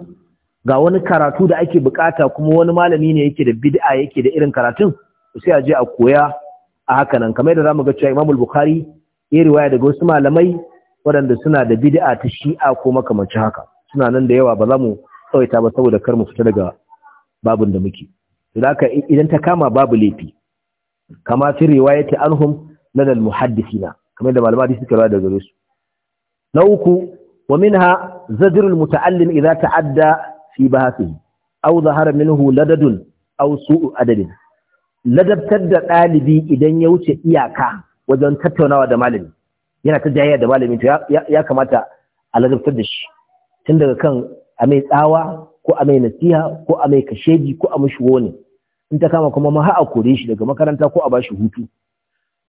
A: ga wani karatu da ake bukata kuma wani malami ne yake da bid'a yake da irin karatun sai a je a koya a haka nan kamar yadda zamu ga cewa Imam Bukhari ya riwaya daga wasu malamai waɗanda suna da bid'a ta Shi'a ko makamanci haka suna nan da yawa ba za mu tsawaita ba saboda kar mu fita daga babin da muke ka idan ta kama babu laifi kama fi riwayati anhum lana al-muhaddisina kamar da malamai suka riwaya daga su na uku wa minha al muta'allim idza ta'adda fi bahasihi aw zahara minhu ladadun aw su'u adadin ladabtar da ɗalibi idan ya wuce iyaka wajen tattaunawa da malami yana ta jayayya da malami to ya kamata a ladabtar da shi tun daga kan a mai tsawa ko a mai nasiha ko a mai kashedi ko a mashi wani in ta kama kuma maha a kore shi daga makaranta ko a bashi hutu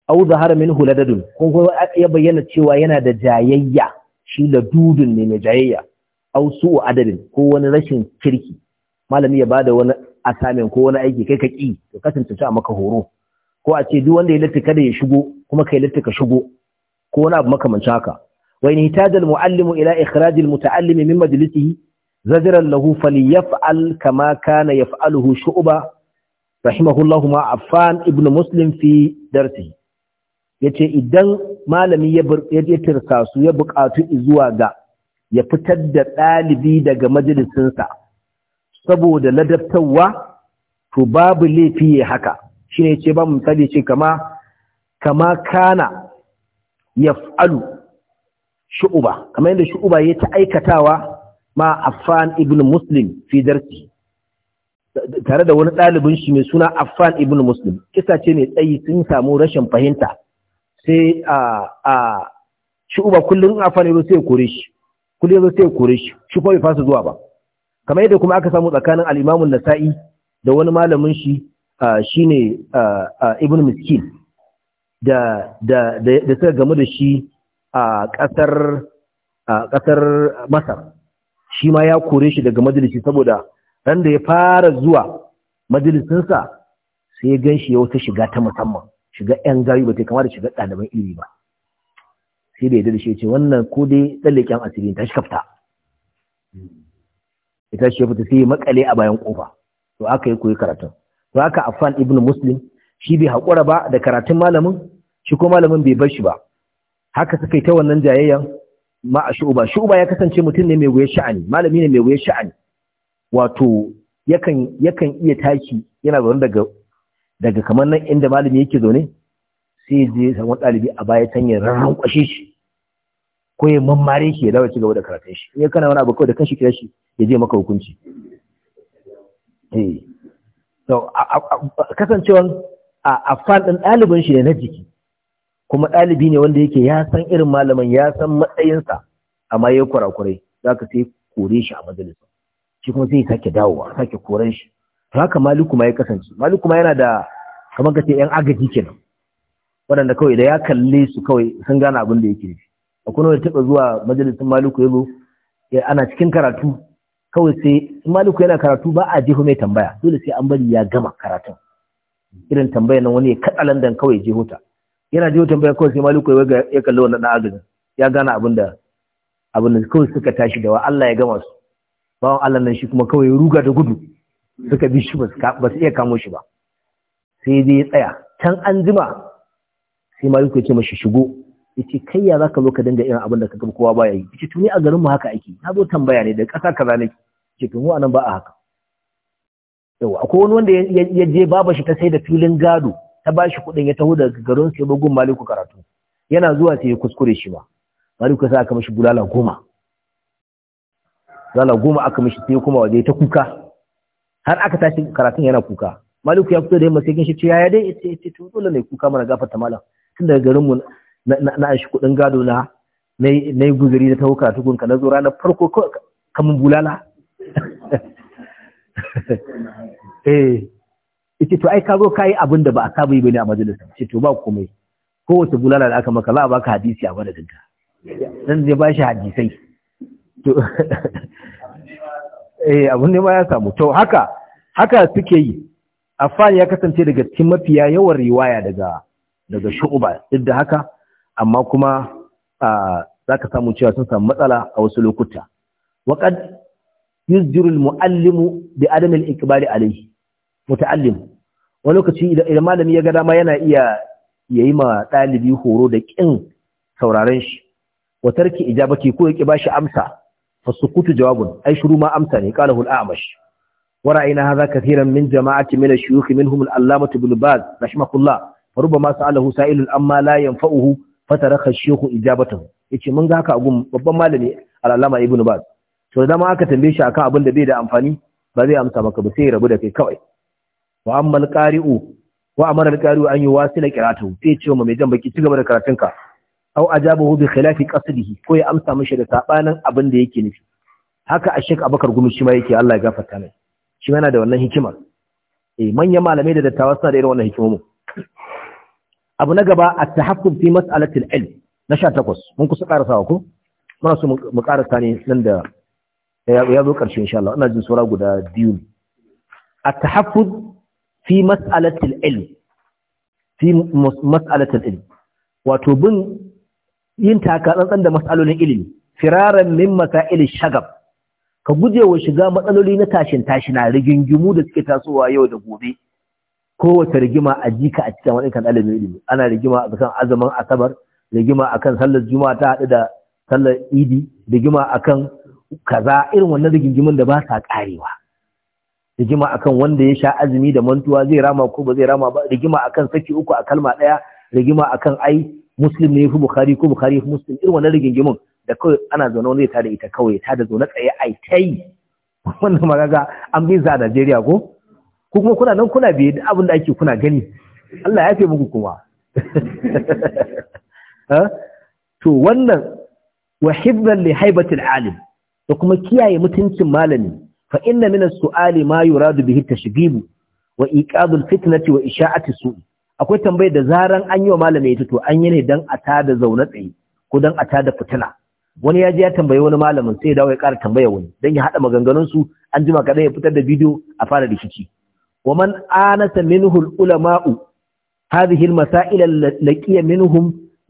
A: au hara min hula dadun kuma ya bayyana cewa yana da jayayya shi ladudun ne mai jayayya au su'u adabin ko wani rashin kirki malami ya bada wani assignment ko wani aiki kai ka ki to ka ta a maka horo ko a ce duk wanda ya littaka da ya shigo kuma kai littaka shigo ko wani abu makamancin haka wa in hitajal muallimu ila ikhraj al muta'allimi min majlisihi zajran lahu falyaf'al kama kana yaf'aluhu shu'ba rahimahullahu ma affan ibnu muslim fi darsihi yace idan malami ya tirsa su ya buƙatu zuwa ga ya fitar da ɗalibi daga majalisinsa saboda ladabtawa to babu laifi ya haka ne ce ba mu misali ce kama kama kana yaf'alu shu'uba kamar yadda shu'uba ya ta aikatawa ma Affan ibn Muslim fi darsi tare da wani ɗalibin shi mai suna Affan ibn Muslim kisa ce mai tsayi sun samu rashin fahimta sai a a shu'uba kullun Affan ibn sai kore shi kullum sai kore shi shi kuma bai fasa zuwa ba kamar yadda kuma aka samu tsakanin al’imamun nasai da wani malamin shi shi ne Ibn Miskin da suka gamu da shi a ƙasar Masar shi ma ya kore shi daga majalisi saboda ran da ya fara zuwa majalisinsa sai ya gan shi ya wata shiga ta musamman shiga 'yan gari ba ta kama da shiga ɗaliban iri ba sai da ya dada shi ce wannan ko dai tsalle asirin ta shi kafta ita tashi fita sai makale a bayan kofa to aka yi koyi karatun to haka afan ibn Muslim shi bai hakura ba da karatun malamin shi ko malamin bai bar shi ba haka suka yi ta wannan jayayyan ma a shu'uba shu'uba ya kasance mutum ne mai goyen sha'ani malami ne mai goyen sha'ani wato yakan yakan iya tashi yana zaune daga daga kamar nan inda malami yake zaune sai je wani ɗalibi a baya can ran rarran kwashe shi ko ya mammare shi ya dawo ci gaba da karatun shi in kana wani abu kawai da kanshi kira shi ya je maka hukunci so eh. kasancewan a fan din ɗalibin shi ne na jiki kuma ɗalibi ne wanda yake ya san irin malaman ya san matsayinsa amma ya kurakurai za ka sai kore shi a majalisa shi kuma sai sake dawowa sake koren shi to haka maliku ma ya kasance maliku ma yana da kamar ka ce yan agaji kenan waɗanda kawai da ya kalle su kawai sun gane abin da yake nufi akwai ya taɓa zuwa majalisun maluku ya zo ana cikin karatu kawai sai maluku yana karatu ba a jeho mai tambaya dole sai an bari ya gama karatun irin tambayar nan wani ya kaɗa landan kawai jeho ta yana jeho tambaya kawai sai maluku ya kalli wannan ɗan agajin ya gane abin da abin da kawai suka tashi da wa Allah ya gama su bawan Allah nan shi kuma kawai ruga da gudu suka bi shi ba su iya kamo shi ba sai dai ya tsaya can an jima sai maluku ya ce mashi shigo yace kai ya zaka zo ka dinga irin abin da kaga kowa baya yi yace tuni a garin mu haka ake na zo tambaya ne da ƙasa kaza nake yace tuni anan ba a haka yau akwai wani wanda ya je baba shi ta sai da filin gado ta bashi kuɗin ya taho daga garin sai bugun maliku karatu yana zuwa sai ya kuskure shi ma maliku sai aka mishi bulala goma bulala goma aka mishi sai kuma waje ta kuka har aka tashi karatun yana kuka maliku ya fito da yamma sai kin shi ce yaya dai ita ita to dole ne kuka mana gafarta malam tun daga garin mu na shi kuɗin gado na na yi guzuri da ta huka tukunka na zo ranar farko kamun bulala eh ita to ai ka zo kayi abin da ba a saba yi bane a majalisa ce to ba komai kowace bulala da aka maka za a baka hadisi a madadin ta nan zai bashi hadisai to eh abun ne ma ya samu to haka haka suke yi afan ya kasance daga cikin mafiya yawan riwaya daga daga duk da haka amma kuma za ka samu cewa sun samu matsala a wasu lokuta waƙad yuzjiru muallimu bi adam al-iqbali alayhi muta'allim wani lokaci idan malami ya ga dama yana iya yayi ma ɗalibi horo da ƙin sauraren shi wa tarki ijabati ko yake bashi amsa fa sukutu jawabun ai shiru ma amsa ne qalahu al-a'mash ورأينا هذا min من جماعة من الشيوخ منهم الألامة بن باز baz الله فربما سأله سائل أما لا uhu. fataraka shehu ijabatahu yace mun ga haka a gun babban malami al-allama ibnu baz to da ma aka tambaye shi akan abin da bai da amfani ba zai amsa maka ba sai rabu da kai kawai wa amma qariu wa amara al-qari'u an yuwasila qira'atuhu sai ce mu mai jan baki cigaba da karatunka aw ajabahu bi khilafi qasdihi ko ya amsa mishi da sabanin abin da yake nufi haka a shek abakar Gumi shi ma yake Allah ya gafarta mai shi yana da wannan hikimar eh manyan malamai da dattawa suna da irin wannan hikimomin abu na gaba a tahakkub fi mas'alatil ilm na sha takwas mun kusa karasa ko muna so mu karasa ne nan da ya zo ƙarshe insha Allah ina jin sura guda biyu a tahaffuz fi mas'alatil ilm fi mas'alatil ilm wato bin yin taka tsantsan da mas'alolin ilimi firaran min masail shagab ka guje wa shiga matsaloli na tashin tashina rigingimu da suke tasowa yau da gobe kowace rigima a jika a cikin wani kan ɗalibin ilimi ana rigima a kan azumin asabar rigima a kan sallar juma'a ta haɗu da sallar idi rigima a kan kaza irin wannan rigingimin da ba sa ƙarewa rigima a kan wanda ya sha azumi da mantuwa zai rama ko ba zai rama ba rigima a kan saki uku a kalma ɗaya rigima a kan ai muslim ne fi bukari ko bukari fi muslim irin wannan rigingimin da kawai ana zaune wani ta da ita kawai ta da zaune tsaye ai ta yi wannan magaga an bi za a najeriya ko Ko kuma kuna nan kuna biye abin da ake kuna gani Allah ya fi muku kuma to wannan wa hibban li haibatil alim da kuma kiyaye mutuncin malami fa inna min as-su'ali ma yuradu bihi tashghib wa iqadul fitnati wa isha'ati su'i akwai tambayar da zaran an yi wa malami ita to an yi ne dan a tada zaune tsaye ko dan a tada fitina wani ya je ya tambayi wani malamin sai ya dawo ya ƙara tambaya wani dan ya hada maganganun su an jima kada ya fitar da bidiyo a fara rikici ومن آنس منه العلماء هذه المسائل اللقية منهم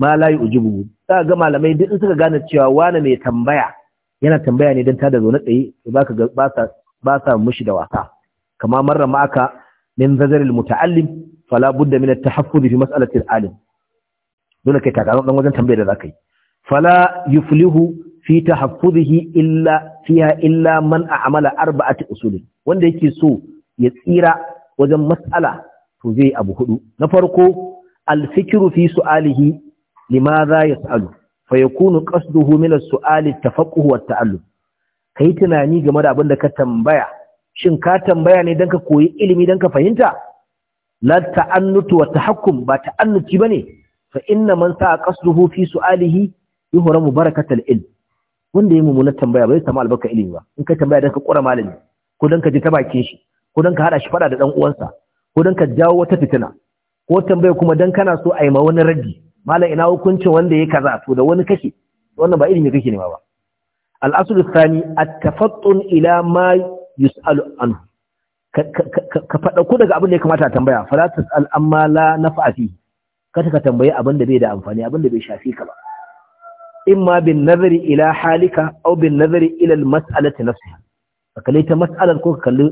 A: ما لا يعجبه kaga malamai duk suka gane cewa wani mai tambaya yana tambaya ne don tada zo na tsaye baka ba sa ba sa mushi da wasa kama marra aka min zazaril muta'allim fala budda min at-tahaffuz fi mas'alati al-alim dole kai takarar dan wajen tambayar da zakai fala yuflihu fi tahaffuzihi illa fiha illa man a'mala arba'ati usul wanda yake so ya tsira wajen matsala. to zai abu hudu na farko alfikiru fi su'alihi limadha yas'alu fa yakunu qasduhu min as-su'ali tafaqquh wa ta'allum kai tunani game da abin da ka tambaya shin ka tambaya ne dan ka koyi ilimi dan ka fahimta la ta'annut wa tahakkum ba ta'annuti bane fa inna man sa'a qasduhu fi su'alihi yuhramu barakatal ilm wanda ya mummuna tambaya bai samu albarka ilimi ba in ka tambaya dan ka kura malami ko dan ka ji ta bakin shi ko don ka haɗa shi faɗa da ɗan uwansa ko don ka jawo wata fitina ko tambaya kuma don kana so a yi ma wani raddi malam ina hukuncin wanda ya kaza to da wani kake wannan ba irin ilimi kake nema ba al'asul tsani at-tafattun ila ma yus'alu anhu ka faɗa ku daga abin da ya kamata a tambaya fala tas'al amma la naf'a fi kada ka tambayi abin da bai da amfani abin da bai shafi ka ba imma bin nazari ila halika aw bin nazari ila al-mas'alati nafsiha ka kalli ta mas'alar ko ka kalli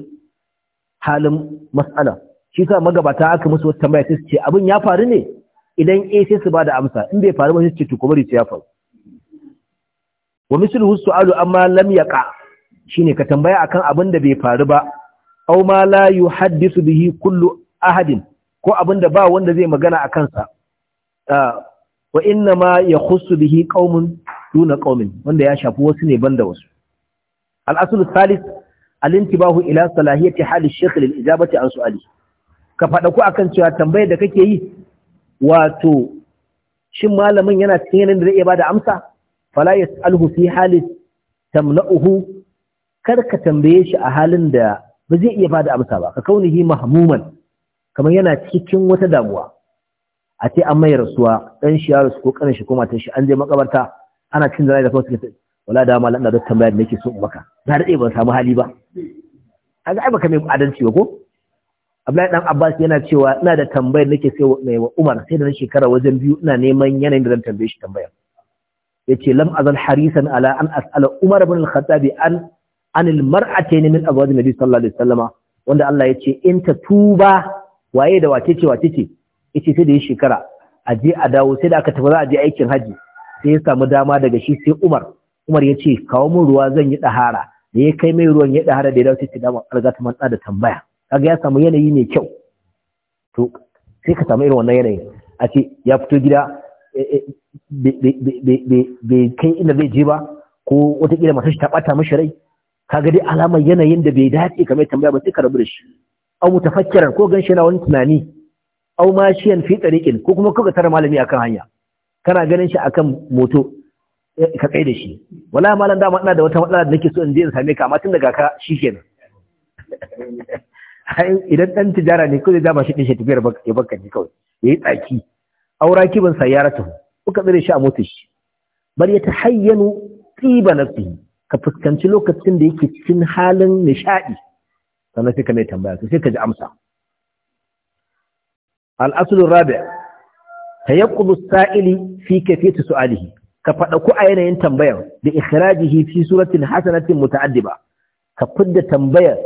A: halin mas'ala shi sa magabata aka musu wata tambaya sai su ce abin ya faru ne idan eh sai su bada amsa in bai faru ba sai su ce to kuma ya faru wa misluhu su'alu amma lam yaqa shine ka tambaya akan abin da bai faru ba aw ma la yuhaddisu bihi kullu ahadin ko abin da ba wanda zai magana a kansa wa inna ma yakhussu bihi qaumun duna qaumin wanda ya shafi wasu ne banda wasu al-aslu alintibahu ila salahiyati hali shaykh lil ijabati an su'ali ka fada ku akan cewa tambayar da kake yi wato shin malamin yana cikin yanayin da zai iya bada amsa fala yas'aluhu fi hali tamna'uhu kar ka tambaye shi a halin da ba zai iya bada amsa ba ka kaunihi mahmuman kamar yana cikin wata damuwa a ce an mai rasuwa dan shi ya rasu ko kanin shi koma matan shi an je makabarta ana cin zalai da kawai wala dama ma landa da tambaya da nake so in maka na dade ban samu hali ba kaga ai baka mai adalci ba ko Abdullahi dan Abbas yana cewa ina da tambayar nake sai mai wa Umar sai da na shekara wajen biyu ina neman yanayin da zan tambaye shi tambayar yace lam azal harisan ala an as'ala Umar ibn al-Khattab an an al-mar'atayn min azwaj nabi sallallahu alaihi wasallama wanda Allah yace in ta tuba waye da wace ce wace ce yace sai da ya shekara a je a dawo sai da aka tafi za a je aikin haji sai ya samu dama daga shi sai Umar Umar ya ce kawo min ruwa zan yi ɗahara da ya kai mai ruwan ya ɗahara da ya dawo ta dama alga ta manta da tambaya kaga ya samu yanayi mai kyau to sai ka samu irin wannan yanayin a ce ya fito gida eh, eh, bai kai inda zai je ba ko wataƙila matar shi ta ɓata mashi rai kaga dai alamar yanayin da bai dace kamar tambaya ba sai ka rabu da shi aw mutafakkiran ko ganshi yana wani tunani aw mashiyan fi ko kuma kuka tara malami akan hanya kana ganin shi akan moto ka tsaye da shi wala malam dama ina da wata matsala da nake so in je in same ka amma tun daga ka shikenan idan dan tijara ne da dama shi din shi tafiyar ya barka ni kawai yayi tsaki aura kiban sa ya ratu kuka tsare shi a motar shi bar ya tahayyanu tiba nafsi ka fuskanci lokacin da yake cikin halin nishadi sannan sai ka mai tambaya sai ka ji amsa al-aslu rabi' tayaqqudu as-sa'ili fi kayfiyati su'alihi ka faɗa ku a yanayin tambayar da ikhrajihi fi suratin hasanatin muta'addiba ka fidda tambayar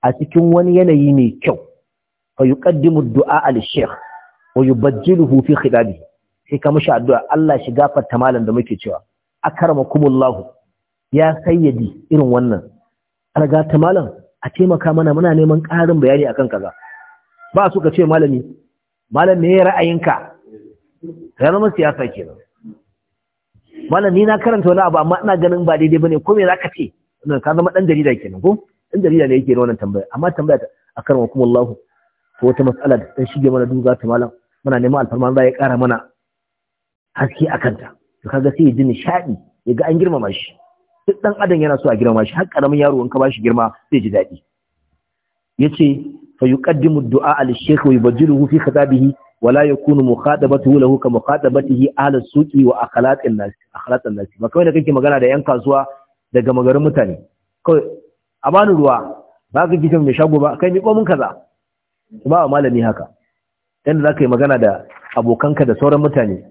A: a cikin wani yanayi mai kyau fa yuqaddimu du'a al-shaykh wa yubajjiluhu fi khitabi sai ka mushi addu'a Allah shi gafarta malam da muke cewa akramakumullahu ya sayyadi irin wannan alga ta malam a taimaka mana muna neman ƙarin bayani akan kaza ba su ka ce malami malam me ra'ayinka ranar siyasa kenan malam ni na karanta wani abu amma ina ganin ba daidai bane ko me zaka ce ka zama dan jarida kenan ko dan jarida ne yake da wannan tambaya amma tambaya a karin kuma Allah ko wata mas'ala da dan shige mana duga ta malam muna neman alfarma za ya kara mana haske akan ta to kaga sai ya ji nishadi ya ga an girmama shi duk dan adam yana so a girmama shi har karamin yaro in ka bashi girma zai ji dadi yace fa yuqaddimu du'a al-shaykh wa yubajjiluhu fi khitabihi wala yakunu mukhadabatu lahu ka mukhadabatihi ahli suqi wa akhlaqin nas akhlaqin nas ba kawai da kake magana da yan kasuwa daga magarin mutane kawai a bani ruwa ba ka kike mai shago ba kai mi komun kaza ba wa malami haka dan da zaka yi magana da abokanka da sauran mutane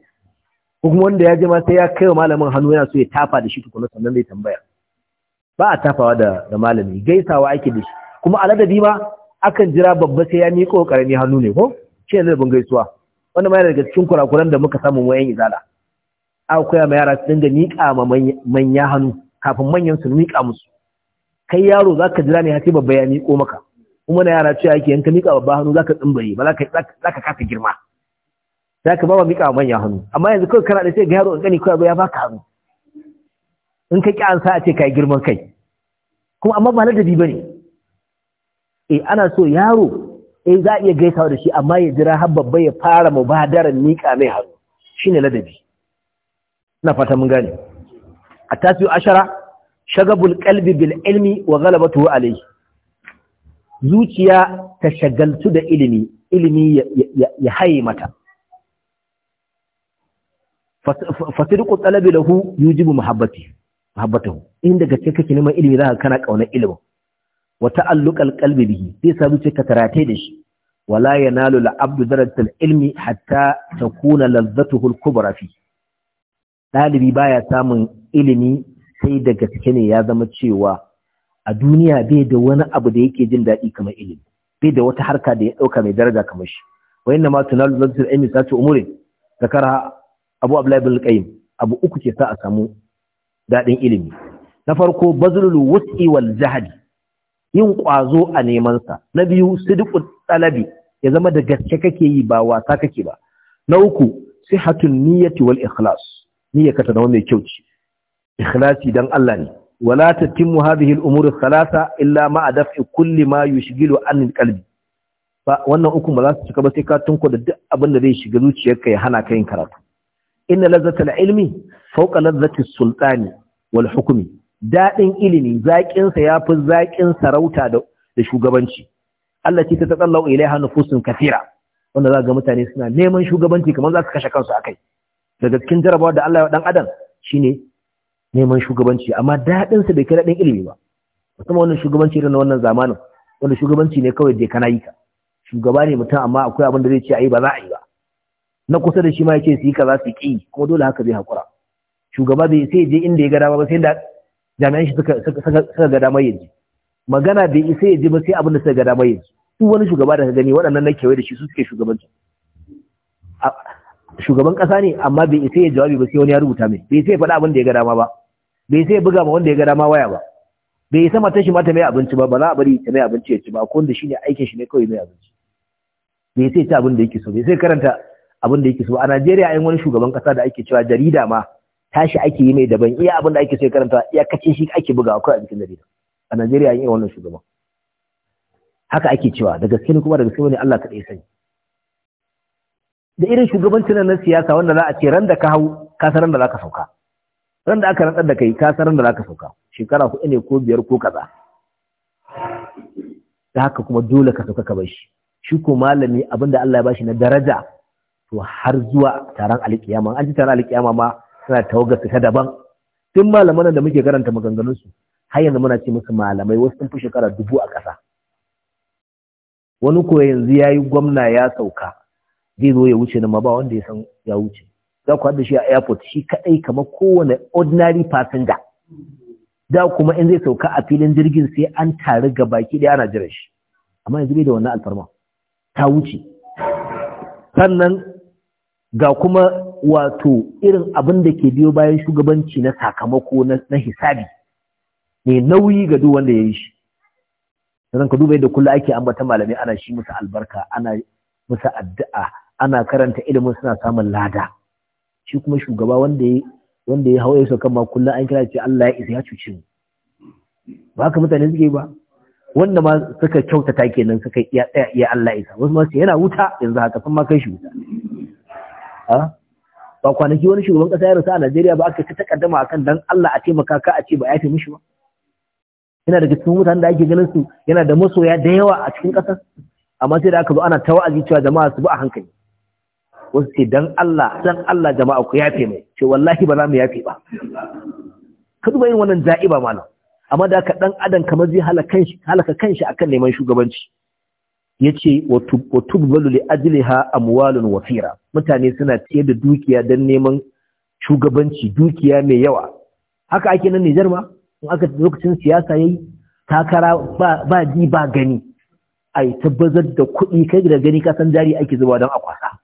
A: ko kuma wanda ya je ma sai ya kai wa malamin hannu yana so ya tafa da shi tukuna sannan zai tambaya ba a tafawa da da malami gaisawa ake da shi kuma aladabi ma akan jira babba sai ya miƙo ƙarami hannu ne ko shi ne bin gaisuwa wanda ma yana daga cikin kurakuran da muka samu wayan izala aka koya ma yara su dinga miƙa ma manya hannu kafin manyan su miƙa musu kai yaro za ka jira ne har sai babba ya miƙo maka kuma na yara cewa yake yanka miƙa babba hannu za ka tsimbaye ba za ka kasa girma za ka ba miƙa miƙa manya hannu amma yanzu kawai kana da sai ga yaro in gani kawai ya baka hannu in ka ƙi an sa a ce ka yi girman kai kuma amma ba ladabi ba ne eh ana so yaro eh za a iya gaisawa da shi amma ya jira har babba ya fara mu ba, mubadaran miƙa mai hannu shine ladabi Na fata mun gane a ashara shagabul qalbi bil ilmi wa ghalabatu alayhi zuciya ta shagaltu da ilimi ilimi ya haye mata fasirku talabi lahu yujibu muhabbati muhabbatahu in daga kake neman ilimi zaka kana ƙaunar ilimin Wata ta'alluqal qalbi bihi sai sa ka taratai da shi wala ya al-abdu darajatal ilmi hatta takuna ladhatuhu kubra fi dalibi baya samun ilimi sai da gaske ne ya zama cewa a duniya bai da wani abu da yake jin daɗi kamar ilimi bai da wata harka da ya ɗauka mai daraja kamar shi wa inna ma tunalu ladhatu al-ilmi sa'atu zakara abu abdullahi ibn qayyim abu uku ke sa a samu daɗin ilimi na farko bazlul wus'i wal yin ƙwazo a nemansa na biyu sidiƙun talabi ya zama da gaske kake yi ba wasa kake ba na uku sihatun niyyati wal ikhlas niyyarka ta zama mai kyau ce ikhlasi dan Allah ne wala tatimmu hadhihi al umuri thalatha illa ma daf'i kulli ma yushghilu an al qalbi ba wannan uku ba za su cika ba sai ka tunko da duk abin da zai shiga zuciyarka ya hana ka yin karatu inna lazzata al ilmi fawqa lazzati sultani wal hukmi daɗin ilimi zaƙinsa ya fi zaƙin sarauta da shugabanci Allah ce ta tsallau hannu fusun kafira wanda za ga mutane suna neman shugabanci kamar za su kashe kansu a kai. daga cikin jarabawa da Allah ya dan adam shine neman shugabanci amma daɗinsa bai kai daɗin ilimi ba musamman wannan shugabanci irin na wannan zamanin wanda shugabanci ne kawai dai kana yi ka shugaba ne mutum amma akwai abin da zai ce a yi ba za a yi ba na kusa da shi ma ya ce su yi kaza su ƙi, kuma dole haka zai haƙura shugaba bai sai je inda ya ga dama ba sai da jami'an shi suka ga damar yanzu magana bai isa ya ji ba sai abin da suka ga damar yanzu Su wani shugaba da ka gani waɗannan na kewaye da shi suke shugabanci shugaban ƙasa ne amma bai isa ya jawabi ba sai wani ya rubuta mai bai isa ya faɗa abin da ya ga dama ba bai isa ya buga ma wanda ya ga dama waya ba bai isa mata shi ma ta mai abinci ba ba za a bari ta mai abinci ya ci ba ko wanda shine aikin shi ne kawai mai abinci bai isa ya ci abin da yake so bai isa ya karanta abin da yake so a Najeriya yin wani shugaban ƙasa da ake cewa jarida ma tashi ake yi mai daban iya abin da ake sai karanta ya kace shi ake buga akwai a cikin jarida a Najeriya yin wannan shugaban haka ake cewa da gaske ne kuma da gaske ne Allah kaɗai sani da irin shugabanci na siyasa wanda za a ce ran da ka hau ka san ran da zaka sauka ran da aka rantsar da kai ka san ran da zaka sauka shekara ku ne ko biyar ko kaza da haka kuma dole ka sauka ka bar shi shi ko malami abinda Allah ya bashi na daraja to har zuwa taron alƙiyama an ji taron alƙiyama ma suna tawaga su ta daban tun malaman da muke karanta maganganunsu har yanzu muna ce musu malamai wasu sun fi shekara dubu a ƙasa wani koya yanzu ya yi gwamna ya sauka zai zo ya wuce nan ma ba wanda ya san ya wuce za ku haɗa shi a airport shi kaɗai kamar kowane ordinary passenger da kuma in zai sauka a filin jirgin sai an taru ga baki ɗaya ana jiran shi amma yanzu bai da wannan alfarma ta wuce sannan ga kuma wato irin abin da ke biyo bayan shugabanci na sakamako na hisabi mai nauyi ga duk wanda ya yi shi sannan ka duba yadda kullum ake ambata malamai ana shi musu albarka ana musu addu'a ana karanta ilimin suna samun lada shi kuma shugaba wanda ya hau ya hawaye saukan ma kullum an kira ce Allah ya isa ya cuce mu ba haka mutane suke ba wanda ma suka kyautata kenan suka iya tsaya iya Allah ya isa wasu ma yana wuta yanzu haka sun ma kai shi wuta ba kwanaki wani shugaban kasa ya rasu a Najeriya ba aka ta takaddama akan dan Allah a taimaka ka a ce ba ya fi mishi ba yana daga cikin mutanen da ake ganin su yana da masoya da yawa a cikin kasar amma sai da aka zo ana tawa'azi cewa jama'a su bi a hankali wasu ce dan Allah dan Allah jama'a ku yafe mai ce wallahi ba za mu yafe ba ka duba yin wannan ja'iba malam amma da ka dan adam kamar zai halaka kanshi halaka kanshi akan neman shugabanci yace wa tubbalu li ajliha amwalun wafira mutane suna ciyar da dukiya dan neman shugabanci dukiya mai yawa haka ake nan Nijar ma in aka lokacin siyasa yayi takara ba ji ba gani ai tabbazar da kuɗi kai da gani ka san jari ake zuba don a kwasa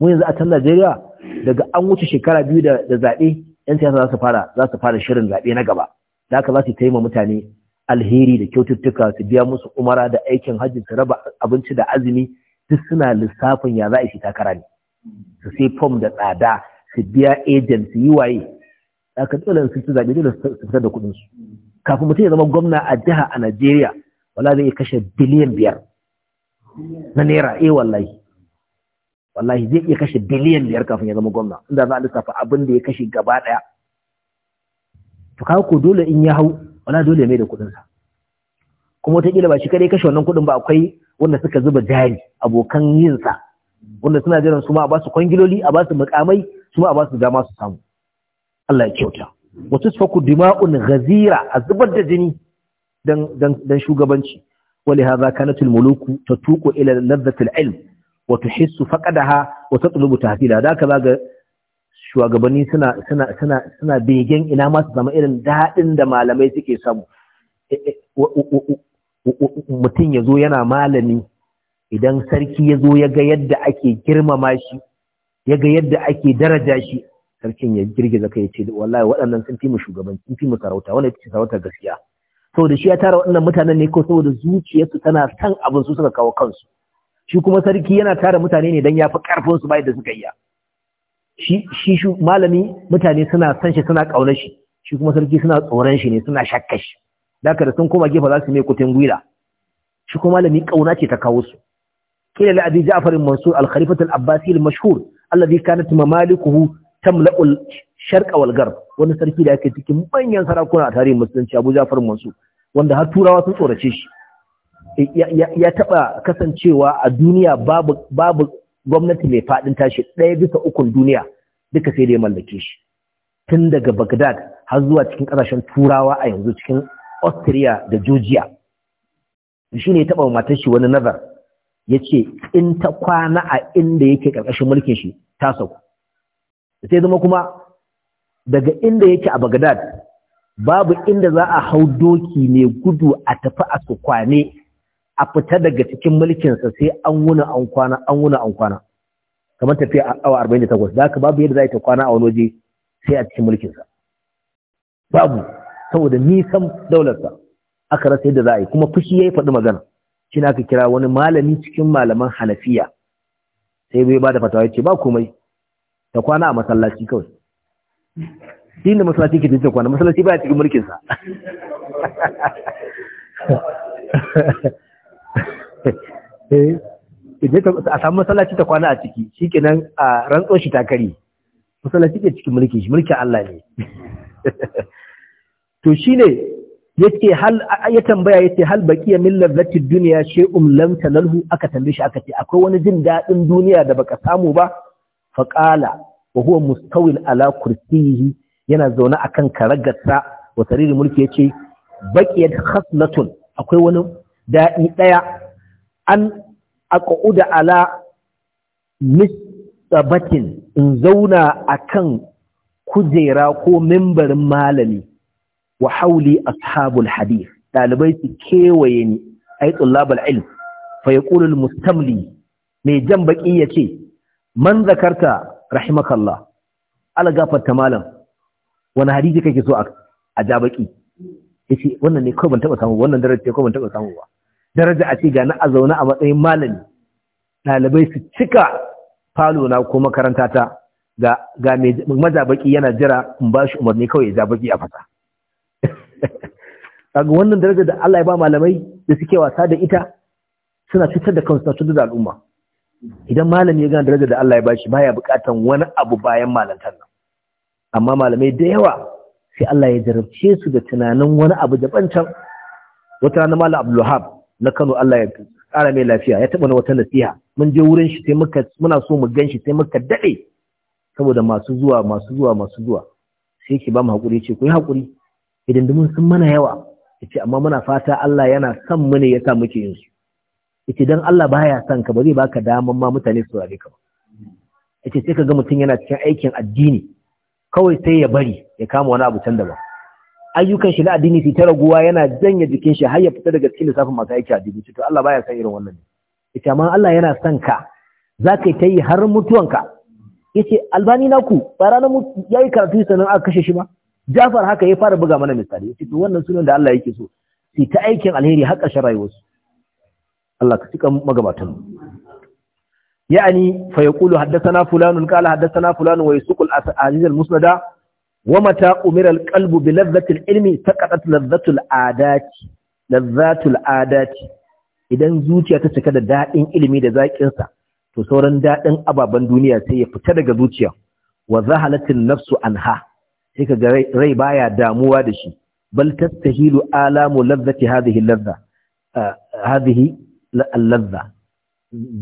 A: mu yanzu a can Najeriya daga an wuce shekara biyu da zaɓe 'yan siyasa za su fara za su fara shirin zaɓe na gaba da haka za su taimaka mutane alheri da kyaututtuka su biya musu umara da aikin hajji su raba abinci da azumi duk suna lissafin ya za a shi takara ne su sai fom da tsada su biya agent su yi waye aka dole su su zaɓi dole su fitar da kuɗin su kafin mutum ya zama gwamna a jiha a Najeriya wala zai iya kashe biliyan biyar na naira eh wallahi wallahi zai iya kashe biliyan biyar kafin ya zama gwamna inda za a lissafa abin da ya kashe gaba ɗaya to dole in ya hau wala dole mai da kuɗin sa kuma wataƙila ba shi kadai kashe wannan kuɗin ba akwai wanda suka zuba jari abokan yin sa wanda suna jiran su ma a basu kwangiloli a basu mukamai su ma a basu su dama su samu Allah ya kyauta su faku dima'un ghazira a zubar da jini don shugabanci. dan dan dan shugabanci ولهذا كانت ilm? Wata إلى لذة العلم وتحس فقدها وتطلب تهديلها ذاك ذاك shugabanni suna suna suna suna begen ina ma su zama irin daɗin da malamai suke samu e, e, mutum ya zo yana malami idan sarki ya zo ya ga yadda ake girmama shi ya ga yadda ake daraja shi sarkin ya girgiza kai ya ce wallahi waɗannan sun fi mu shugabanci sun fi mu sarauta wannan yake sarauta gaskiya saboda shi ya tara waɗannan mutanen ne ko saboda zuciyarsu tana san abin su suka kawo kansu shi kuma sarki yana tara mutane ne dan ya fi karfin su bai da suka iya shi shi malami mutane suna san shi suna kaunar shi shi kuma sarki suna tsoron shi ne suna shakka shi daga da sun koma gefe za su mai kutin gwira shi kuma malami kauna ce ta kawo su kila la abi ja'far mansur al khalifat al-abbasi al-mashhur alladhi kanat mamalikuhu tamla'u al-sharq wal gharb wani sarki da yake cikin manyan sarakuna a tarihin musulunci Abu Ja'far Mansur wanda har turawa sun tsorace shi ya taba kasancewa a duniya babu babu gwamnati mai faɗin tashi ɗaya bisa ukun duniya duka sai da ya mallake shi tun daga Bagdad har zuwa cikin ƙasashen Turawa a yanzu cikin Austria da Georgia shi ne ya taɓa matar shi wani nazar ya ce in ta kwana a inda yake ƙarƙashin mulkin shi ta sauku sai zama kuma daga inda yake a Bagdad babu inda za a hau doki mai gudu a tafi a su kwane a fita daga cikin mulkinsa sai an wuna an kwana an wuna an kwana kamar tafiya a awa 48 da haka babu yadda za ta kwana a wani waje sai a cikin mulkinsa babu saboda nisan daularsa aka rasa yadda za a yi kuma fushi ya yi faɗi magana shi na aka kira wani malami cikin malaman hanafiya sai bai ba da fatawa ya ce ba komai ta kwana a masallaci kawai shi ne masallaci ke ta kwana masallaci ba ya cikin mulkinsa Eh, a samu masallaci ta kwana a ciki shi kenan a rantso shi takari masallaci ke cikin mulki shi mulki Allah ne to shi ne ce hal ya tambaya yace hal ya min duniya shi um lam lalhu aka tambaye shi aka ce akwai wani jin daɗin duniya da baka samu ba Faƙala, qala wa huwa mustawil ala kursiyihi yana zaune akan karagarsa wa sariri mulki ya yace baqiyat khaslatun akwai wani daɗi ɗaya an aqauda ala misabatin in zauna akan kujera ko membarin malami wa hauli ashabul hadith dalibai su kewaye ni ay tullabul ilm fa yaqulu al mustamli mai jan baki yace man zakarta rahimakallah ala gafarta malam wani hadisi kake so a ja Ya yace wannan ne kawai ban taba samu wannan darajar ko ban taba samu ba daraja a ce ga na a zaune a matsayin malami ɗalibai su cika falo na ko makaranta ta ga ga mazabaki yana jira in ba shi umarni kawai ya zabaki a fasa daga wannan daraja da Allah ya ba malamai da suke wasa da ita suna cutar da kansu cutar da al'umma idan malami ya gana daraja da Allah ya bashi baya bukatan wani abu bayan malantar nan amma malamai da yawa sai Allah ya jarabce su da tunanin wani abu daban can wata na malam Wahab na Kano Allah ya ƙara mai lafiya ya taɓa wata nasiha mun je wurin shi sai muka muna so mu gan shi sai muka daɗe saboda masu zuwa masu zuwa masu zuwa sai yake ba mu haƙuri ce ku yi haƙuri idan dumin sun mana yawa yace amma muna fata Allah yana son mu ne ya sa muke yin su yace dan Allah baya son ka ba zai baka daman ma mutane su rabe ka ba yace sai ka ga mutum yana cikin aikin addini kawai sai ya bari ya kama wani abu can daban ayyukan shi na addini su ta raguwa yana janye jikin shi har ya fita daga cikin lissafin masu aiki a addini to Allah baya san irin wannan ita amma Allah yana son ka za ka yi ta yi har mutuwanka ya ce albani ku ba ranar ya yi karatu sanan aka kashe shi ba jafar haka ya fara buga mana misali yace to wannan sunan da Allah yake so su ta aikin alheri har ƙarshen rayuwarsu Allah ka cika magabatan ya'ani fa yaqulu haddathana fulanun qala haddathana fulanun wa yasqul aziz al-musnada wa mata umira alqalbu bi ladhati ilmi taqadat ladhatu aladati idan zuciya ta cika da daɗin ilimi da zaƙinsa, to sauran daɗin ababen duniya sai ya fita daga zuciya wa zahalatin nafsu anha sai kaga rai baya damuwa da shi bal tastahilu alamu ladhati hadhihi ladha hadhihi ladha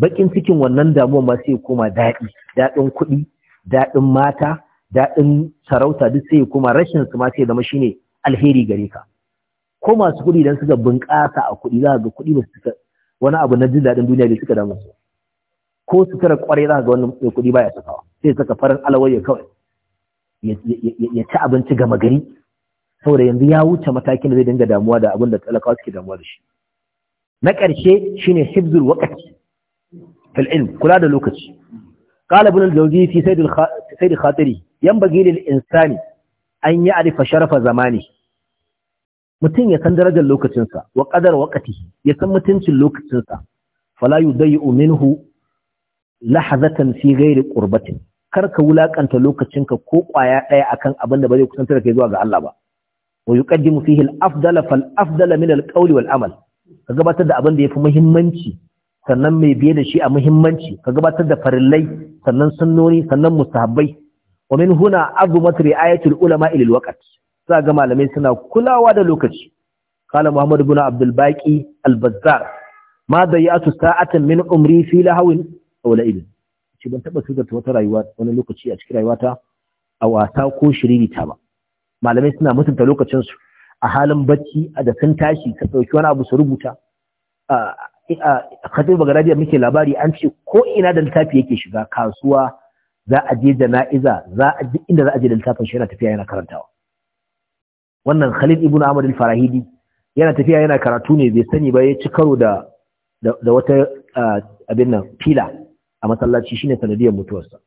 A: bakin cikin wannan damuwa ma sai koma daɗi daɗin kuɗi daɗin mata daɗin sarauta duk sai kuma rashin su ma sai zama shine alheri gare ka ko masu kuɗi idan suka bunƙasa a kuɗi za ga kuɗi ba su wani abu na jin daɗin duniya bai suka damu su ko su tara ƙwarai za ga wannan mai kuɗi baya sakawa sai saka farin ya kawai ya ci abinci gama gari saboda yanzu ya wuce matakin da zai dinga damuwa da abin da talakawa suke damuwa da shi na ƙarshe shine hibzul waqti fil ilm kula da lokaci قال ابن الجوزي في سيد الخ... سيد خاطري ينبغي للإنسان أن يعرف شرف زمانه mutum ya san darajar lokacinsa wa wakati. ya san mutuncin lokacinsa fala yudayyu minhu lahazatan fi ghairi qurbatin kar ka wulakanta lokacinka ko ƙwaya daya akan abin da ba zai kusantar kai zuwa ga Allah ba wa yuqaddimu fihi al-afdala fal afdala min al-qawli wal amal ka gabatar da abin da ya fi muhimmanci sannan mai biye da shi a muhimmanci ka gabatar da farillai sannan sunnoni sannan mustahabbai wa min huna azumat ri'ayatul ulama ilal waqt za ga malamai suna kulawa da lokaci Kala muhammad ibn abdul baqi al bazzar ma dayatu sa'atan min umri fi lahawin aw la'ib shi ban taba su da wata rayuwa wani lokaci a cikin rayuwata a wasa ko shiririta ba malamai suna mutunta lokacinsu a halin bacci da sun tashi ka ɗauki wani abu su rubuta Khadir bagdadi muke labari an ce ko ina da littafi yake shiga kasuwa za a je jana'iza za a duk inda za a je da littafin shi yana tafiya yana karantawa wannan Khalid ibn Ahmad al-Farahidi yana tafiya yana karatu ne bai sani ba ya ci karo da da wata abin nan fila a masallaci shine sanadiyar mutuwarsa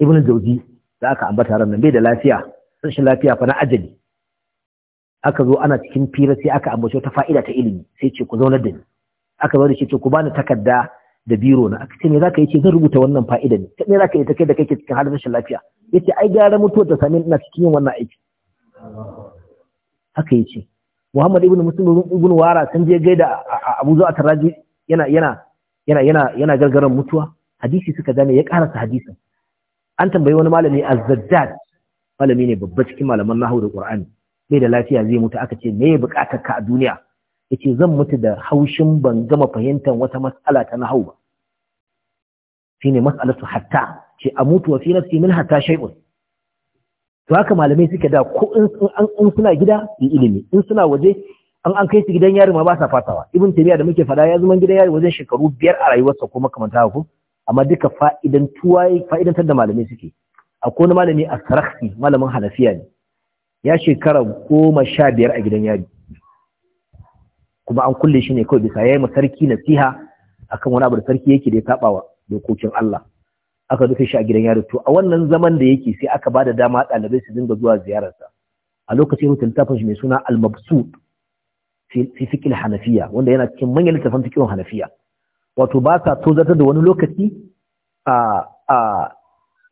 A: Ibn Jawzi da aka ambata ran nan bai da lafiya rashin lafiya fa na ajali aka zo ana cikin fira sai aka ambace ta fa'ida ta ilimi sai ce ku zaunar da ni aka zo da shi ce ku bani takarda da biro na aka ce me zaka yi ce zan rubuta wannan fa'ida ne me zaka yi ta kai da kake cikin halin rashin lafiya yace ai gara mutuwar ta sami ina cikin yin wannan aiki haka yace Muhammad ibn Muslim ibn Wara san je gaida Abu Zu'a Taraji yana yana yana yana yana gargaran mutuwa hadisi suka gane ya karasa hadisin an tambayi wani malami Az-Zaddad malami ne babba cikin malaman nahwu da Qur'ani bai da lafiya zai mutu aka ce me bukatar ka a duniya yace zan mutu da haushin ban gama fahimtar wata mas'ala ta nahau ba shine mas'alatu hatta ce a mutuwa fi nafsi min hatta shay'un to haka malamai suke da ko in suna gida yi ilimi in suna waje an an kai su gidan yari ma ba sa fatawa ibn tabiya da muke fada ya zama gidan yari wajen shekaru biyar a rayuwarsa ko makamanta haka amma duka fa'idan tuwa da malamai suke akwai wani malami a malamin halafiya ne ya shekara goma sha biyar a gidan yari kuma an kulle shi ne kawai bisa yayi sarki nasiha akan wani abu da sarki yake da ya saba wa dokokin Allah aka rufe shi a gidan yaro to a wannan zaman da yake sai aka bada dama ɗalibai su dinga zuwa ziyararsa a lokacin rutin littafin shi mai suna al-mabsut fi fiqh hanafiya wanda yana cikin manyan littafin fiqh hanafiya wato ba sa tozartar da wani lokaci a a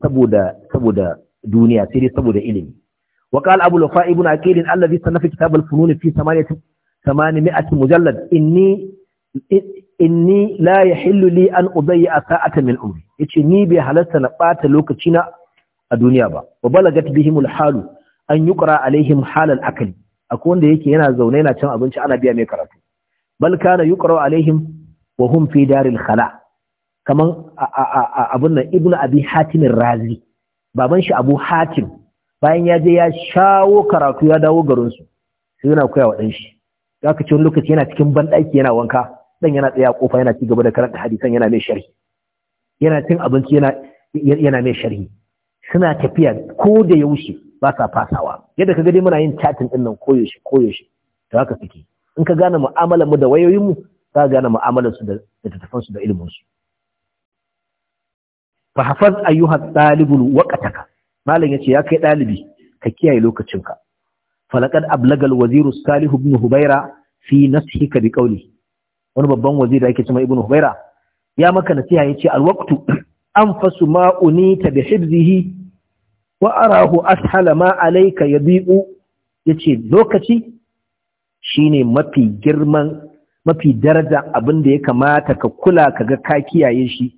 A: saboda saboda duniya sai dai saboda ilimi وقال أبو الوفاء ابن عقيل الذي صنف كتاب الفنون في ثمانية 800 mujallad inni inni la yahillu li an udayya sa'atan min umri yace ni bai halarta na ɓata lokaci na a duniya ba wa balagat bihim halu an yuqra alaihim halal akali. akwai wanda yake yana zaune yana cin abinci ana biya mai karatu bal kana yuqra alaihim wa hum fi daril khala kaman abun nan ibnu abi hatim razi baban shi abu hatim bayan ya je ya shawo karatu ya dawo garinsu, su sai yana koyawa ɗanshi. za ka ce wani lokaci yana cikin banɗaki yana wanka dan yana tsaye a kofa yana cigaba gaba da karanta hadisan yana mai sharhi yana cin abinci yana mai sharhi suna tafiya ko da yaushe ba sa fasawa yadda ka gani muna yin chatting ɗin nan koyaushe koyaushe to haka suke in ka gane mu'amalar mu da wayoyin mu za ka gane mu'amalar su da tattafan su da ilimin su fa hafaz ayyuha talibul waqtaka malam yace ya kai dalibi ka kiyaye lokacinka falakad ablagal waziru Salihu ibn hubaira fi nashika bi qawli wani babban waziri da ake cewa ibn hubaira ya maka nasiha yace alwaqtu anfasu ma unita bi hibzihi wa arahu ashala ma alayka yadi'u yace lokaci shine mafi girman mafi daraja abin da ya kamata ka kula ka ga ka kiyaye shi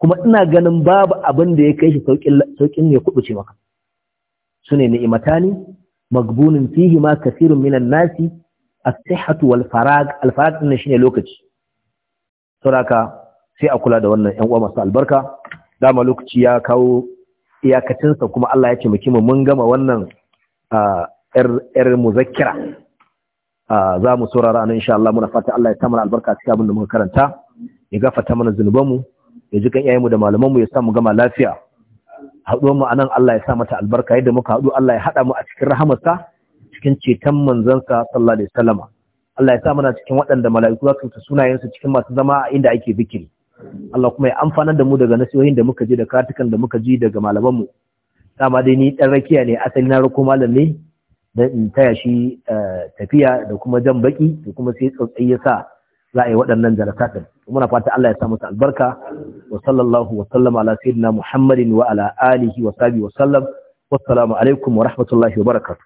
A: kuma ina ganin babu abin da ya kai shi saukin ne kubuce maka sune ni'imatani magbunin fihi ma kasirun minan nasi as-sihhatu wal farag al farag shine lokaci saboda sai a kula da wannan ƴan uwa masu albarka dama lokaci ya kawo iyakacinsa kuma Allah ya ce muke mu mun gama wannan ƴar muzakkira za mu saurara nan insha Allah muna fata Allah ya sa mana albarka cikin abin da muka karanta ya gafarta mana mu, ya ji 'ya'yan mu, da malamanmu ya sa mu gama lafiya haɗuwar mu anan Allah ya sa mata albarka yadda muka haɗu Allah ya haɗa mu a cikin rahamarsa cikin ceton manzansa sallallahu alaihi wasallama Allah ya sa mana cikin waɗanda mala'iku za su ta sunayensu cikin masu zama a inda ake zikiri Allah kuma ya amfanar da mu daga nasihohin da muka ji da katukan da muka ji daga malaman mu dama dai ni dan rakiya ne asali na rako malam ne dan in taya shi eh, tafiya da kuma jan baki da kuma sai tsotsai ya sa za a yi waɗannan jaratatin muna fata Allah ya sa musu albarka wa sallallahu wa sallama ala sayyidina Muhammadin wa ala alihi wa sahbihi wa sallam wassalamu alaikum wa rahmatullahi wa barakatuh